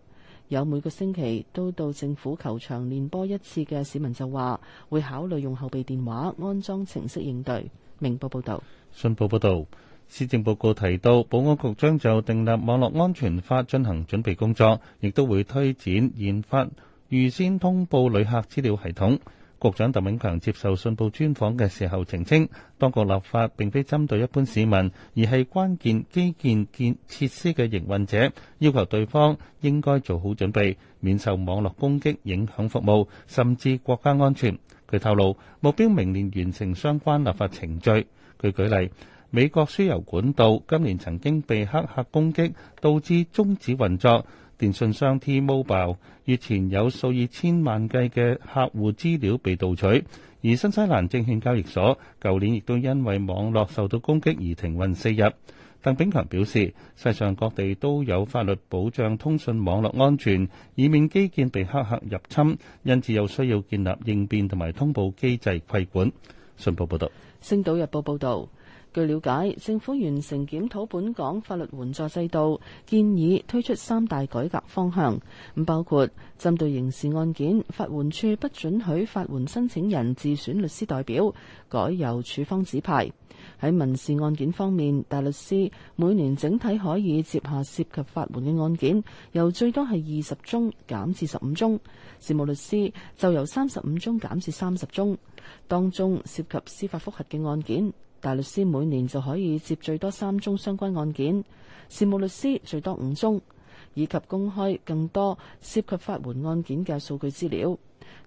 Speaker 3: 有每個星期都到，到政府球場練波一次嘅市民就話，會考慮用後備電話安裝程式應對。明報報道，
Speaker 4: 信報報道。施政報告提到，保安局將就訂立網絡安全法進行準備工作，亦都會推展研發預先通報旅客資料系統。局長鄧炳強接受信報專訪嘅時候澄清，當局立法並非針對一般市民，而係關鍵基建建設施嘅營運者，要求對方應該做好準備，免受網絡攻擊影響服務，甚至國家安全。佢透露，目標明年完成相關立法程序。佢舉例。美國輸油管道今年曾經被黑客攻擊，導致終止運作。電信商 T-Mobile 月前有數以千萬計嘅客戶資料被盜取，而新西蘭證券交易所舊年亦都因為網絡受到攻擊而停運四日。鄧炳強表示，世上各地都有法律保障通訊網絡安全，以免基建被黑客入侵，因此有需要建立應變同埋通報機制規管。信報
Speaker 2: 報導，
Speaker 3: 《星島日報》報導。據了解，政府完成檢討本港法律援助制度，建議推出三大改革方向。包括針對刑事案件，法援處不准許法援申請人自選律師代表，改由處方指派；喺民事案件方面，大律師每年整體可以接下涉及法援嘅案件，由最多係二十宗減至十五宗；事務律師就由三十五宗減至三十宗。當中涉及司法複核嘅案件。大律師每年就可以接最多三宗相關案件，事務律師最多五宗，以及公開更多涉及法援案件嘅數據資料。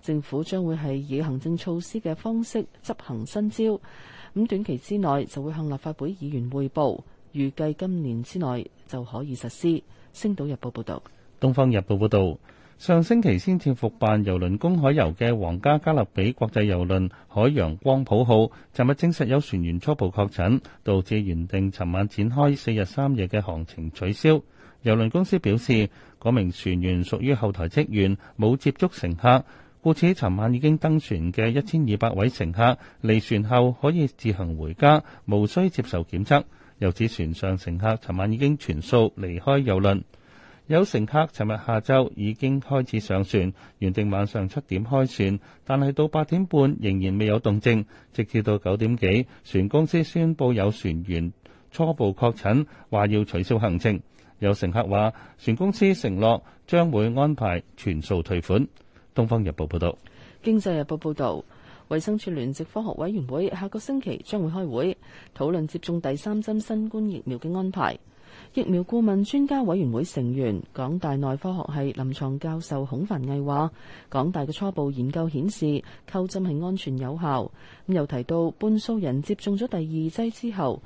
Speaker 3: 政府將會係以行政措施嘅方式執行新招，咁短期之內就會向立法會議員匯報，預計今年之內就可以實施。星島日報報道。
Speaker 4: 東方日報報道。上星期先至復辦遊輪公海遊嘅皇家加勒比國際遊輪海洋光譜號，尋日證實有船員初步確診，導致原定尋晚展開四日三夜嘅航程取消。遊輪公司表示，嗰名船員屬於後台職員，冇接觸乘客，故此尋晚已經登船嘅一千二百位乘客離船後可以自行回家，無需接受檢測。由此，船上乘客尋晚已經全數離開遊輪。有乘客尋日下晝已經開始上船，原定晚上七點開船，但係到八點半仍然未有動靜，直至到九點幾，船公司宣布有船員初步確診，話要取消行程。有乘客話，船公司承諾將會安排全數退款。《東方日報》報道。
Speaker 3: 《經濟日報》報道，衛生署聯席科學委員會下個星期將會開會討論接種第三針新冠疫苗嘅安排。疫苗顧問專家委員會成員港大內科學系臨床教授孔凡毅話：港大嘅初步研究顯示，扣針係安全有效。咁又提到，半數人接種咗第二劑之後，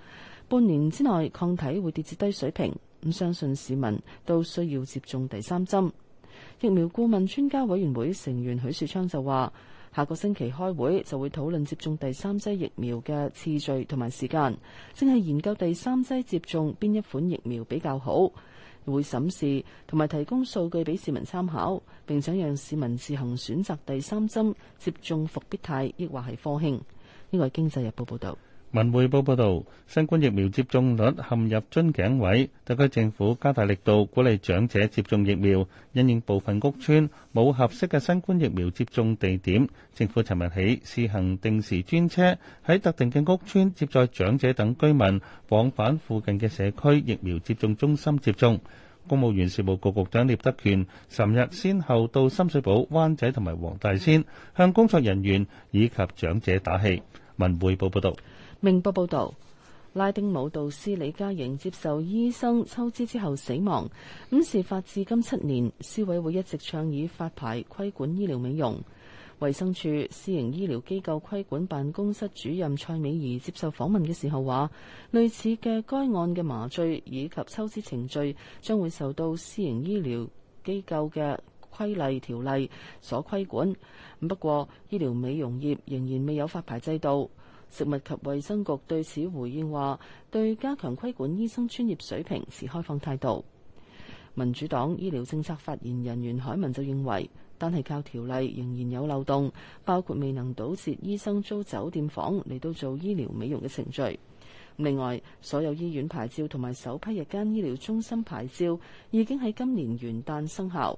Speaker 3: 半年之內抗體會跌至低水平。咁相信市民都需要接種第三針。疫苗顧問專家委員會成員許樹昌就話。下個星期開會就會討論接種第三劑疫苗嘅次序同埋時間，正係研究第三劑接種邊一款疫苗比較好，會審視同埋提供數據俾市民參考，並想讓市民自行選擇第三針接種復必泰，亦或係科興。呢個係《經濟日報》報導。
Speaker 4: 文匯報報道，新冠疫苗接種率陷入樽頸位，特區政府加大力度鼓勵長者接種疫苗。因應部分屋邨冇合適嘅新冠疫苗接種地點，政府尋日起試行定時專車喺特定嘅屋邨接載長者等居民往返附近嘅社區疫苗接種中心接種。公務員事務局局長聶德權尋日先後到深水埗、灣仔同埋黃大仙，向工作人員以及長者打氣。文匯報報道。
Speaker 3: 明報報道，拉丁舞導師李嘉瑩接受醫生抽脂之後死亡，咁事發至今七年，消委會一直倡議發牌規管醫療美容。衛生署私營醫療機構規管辦公室主任蔡美儀接受訪問嘅時候話，類似嘅該案嘅麻醉以及抽脂程序將會受到私營醫療機構嘅規例條例所規管。不過，醫療美容業仍然未有發牌制度。食物及衛生局對此回應話：對加強規管醫生專業水平持開放態度。民主黨醫療政策發言人袁海文就認為，單係靠條例仍然有漏洞，包括未能堵截醫生租酒店房嚟到做醫療美容嘅程序。另外，所有醫院牌照同埋首批日間醫療中心牌照已經喺今年元旦生效。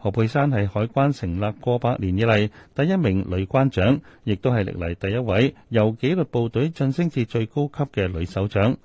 Speaker 4: 何佩珊係海關成立過百年以嚟第一名女關長，亦都係歷嚟第一位由紀律部隊晉升至最高級嘅女首長。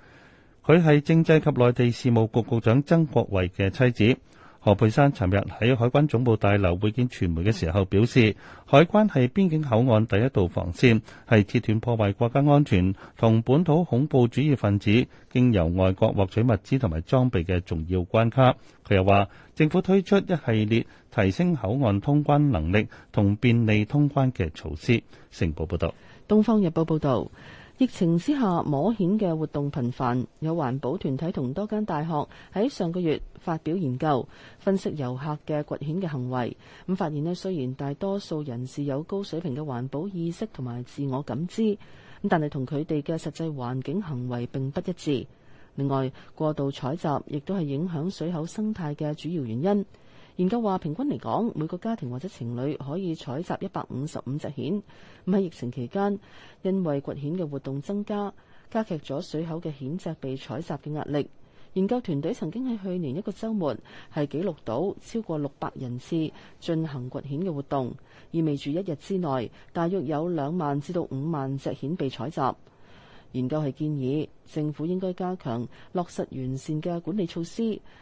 Speaker 4: 佢係政制及內地事務局局長曾國衛嘅妻子。何佩山昨日喺海關總部大樓會見傳媒嘅時候表示，海關係邊境口岸第一道防線，係切斷破壞國家安全同本土恐怖主義分子經由外國獲取物資同埋裝備嘅重要關卡。佢又話，政府推出一系列提升口岸通關能力同便利通關嘅措施。成
Speaker 3: 報報道。《東方日報》報道。疫情之下摸蜆嘅活動頻繁，有環保團體同多間大學喺上個月發表研究，分析遊客嘅掘蜆嘅行為，咁發現咧，雖然大多數人士有高水平嘅環保意識同埋自我感知，咁但係同佢哋嘅實際環境行為並不一致。另外，過度採集亦都係影響水口生態嘅主要原因。研究話，平均嚟講，每個家庭或者情侶可以採集一百五十五隻蜆。咁喺疫情期間，因為掘蜆嘅活動增加，加劇咗水口嘅蜆隻被採集嘅壓力。研究團隊曾經喺去年一個週末，係記錄到超過六百人次進行掘蜆嘅活動，意味住一日之內，大約有兩萬至到五萬隻蜆被採集。研究係建議政府應該加強落實完善嘅管理措施，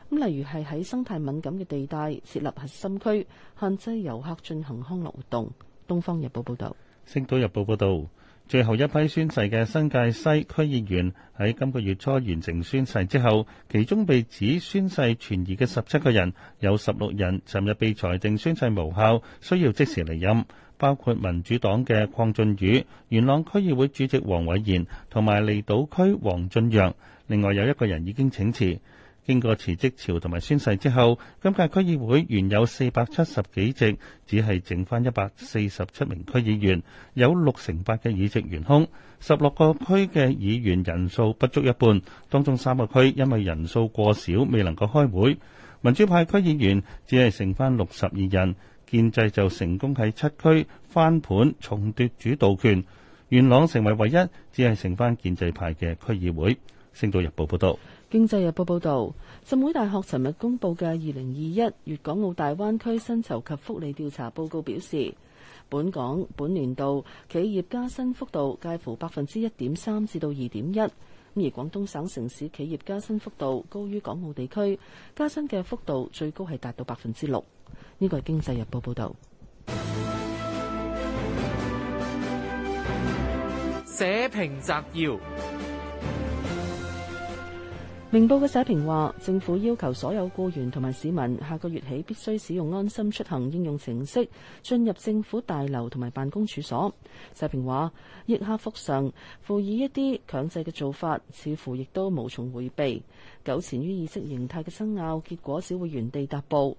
Speaker 3: 咁例如係喺生態敏感嘅地帶設立核心區，限制遊客進行康樂活動。東方日報報道，
Speaker 4: 星島日報報道，最後一批宣誓嘅新界西區議員喺今個月初完成宣誓之後，其中被指宣誓存疑嘅十七個人，有十六人尋日被裁定宣誓無效，需要即時離任。包括民主黨嘅鄺俊宇、元朗區議會主席黃偉賢同埋離島區黃俊陽，另外有一個人已經請辭。經過辭職潮同埋宣誓之後，今屆區議會原有四百七十幾席，只係剩翻一百四十七名區議員，有六成八嘅議席懸空。十六個區嘅議員人數不足一半，當中三個區因為人數過少未能夠開會。民主派區議員只係剩翻六十二人。建制就成功喺七區翻盤重奪主導權，元朗成為唯一只係剩翻建制派嘅區議會。星島日報報道，
Speaker 3: 經濟日報報道，浸會大學尋日公布嘅二零二一粵港澳大灣區薪酬及福利調查報告表示，本港本年度企業加薪幅度介乎百分之一點三至到二點一，而廣東省城市企業加薪幅度高於港澳地區，加薪嘅幅度最高係達到百分之六。呢個係《經濟日報》報道。
Speaker 13: 社評摘要：
Speaker 3: 明報嘅社評話，政府要求所有雇員同埋市民下個月起必須使用安心出行應用程式進入政府大樓同埋辦公處所。社評話，益客復常，附以一啲強制嘅做法，似乎亦都無從回避，糾纏於意識形態嘅爭拗，結果只會原地踏步。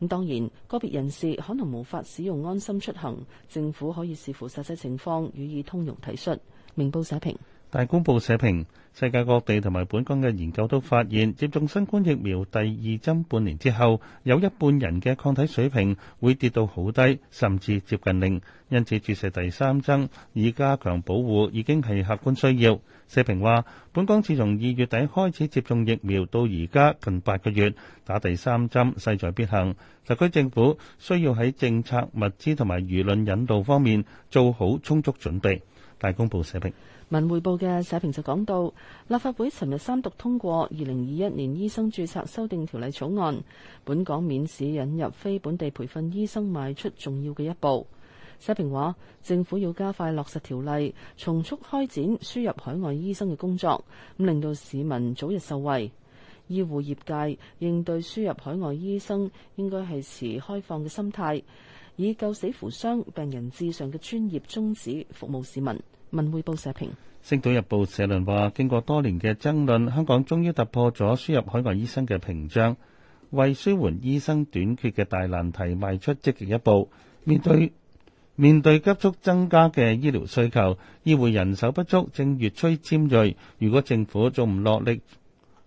Speaker 3: 咁當然，個別人士可能無法使用安心出行，政府可以視乎實際情況予以通融體恤。明報社評。
Speaker 4: 大公報社評：世界各地同埋本港嘅研究都發現，接種新冠疫苗第二針半年之後，有一半人嘅抗體水平會跌到好低，甚至接近零，因此注射第三針以加強保護已經係客觀需要。社評話：本港自從二月底開始接種疫苗到而家近八個月，打第三針勢在必行。特區政府需要喺政策、物資同埋輿論引導方面做好充足準備。大公報社評。
Speaker 3: 文匯報嘅社評就講到，立法會尋日三讀通過《二零二一年醫生註冊修訂條例草案》，本港免試引入非本地培訓醫生，邁出重要嘅一步。社評話，政府要加快落實條例，從速開展輸入海外醫生嘅工作，咁令到市民早日受惠。醫護業界應對輸入海外醫生，應該係持開放嘅心態，以救死扶傷病人至上嘅專業宗旨服務市民。文匯報社評，
Speaker 4: 《星島日報》社論話，經過多年嘅爭論，香港終於突破咗輸入海外醫生嘅屏障，為舒緩醫生短缺嘅大難題邁出積極一步。面對面對急速增加嘅醫療需求，醫護人手不足正越趨尖銳。如果政府仲唔落力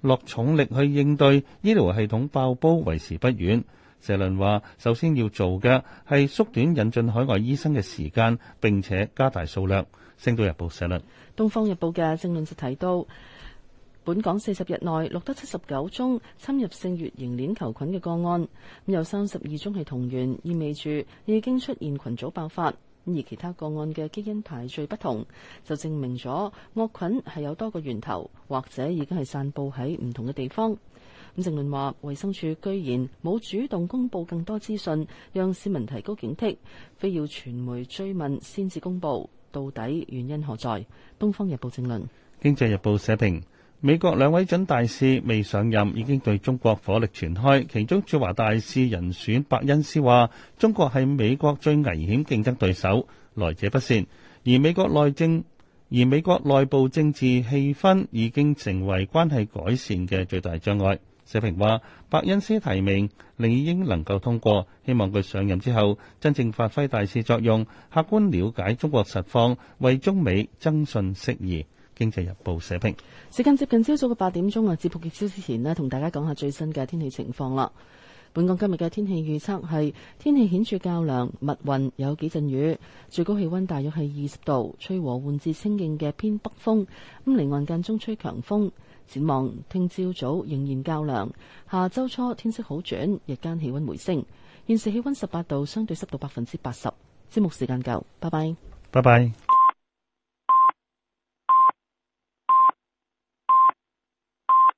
Speaker 4: 落重力去應對，醫療系統爆煲為時不遠。社論話，首先要做嘅係縮短引進海外醫生嘅時間，並且加大數量。《星島日報》社論，
Speaker 3: 《東方日報》嘅政論就提到，本港四十日內錄得七十九宗侵入性乙型鏈球菌嘅個案，咁有三十二宗係同源，意味住已經出現群組爆發。而其他個案嘅基因排序不同，就證明咗惡菌係有多個源頭，或者已經係散佈喺唔同嘅地方。咁政論話，衛生署居然冇主動公布更多資訊，讓市民提高警惕，非要傳媒追問先至公布。到底原因何在？《東方日報》正論，
Speaker 4: 《經濟日報》社評：美國兩位準大使未上任，已經對中國火力全開。其中駐華大使人選伯恩斯話：中國係美國最危險競爭對手，來者不善。而美國內政而美國內部政治氣氛已經成為關係改善嘅最大障礙。社評話，伯恩斯提名理應能夠通過，希望佢上任之後真正發揮大使作用，客觀了解中國實況，為中美增信釋疑。《經濟日報》社評。
Speaker 3: 時間接近朝早嘅八點鐘啊，節目結束之前咧，同大家講下最新嘅天氣情況啦。本港今日嘅天氣預測係天氣顯著較涼，密雲有幾陣雨，最高氣温大約係二十度，吹和緩至清勁嘅偏北風，咁離岸間中吹強風。展望聽朝早仍然較涼，下周初天色好轉，日間氣溫回升。現時氣溫十八度，相對濕度百分之八十。節目時間夠，拜拜。
Speaker 4: 拜拜。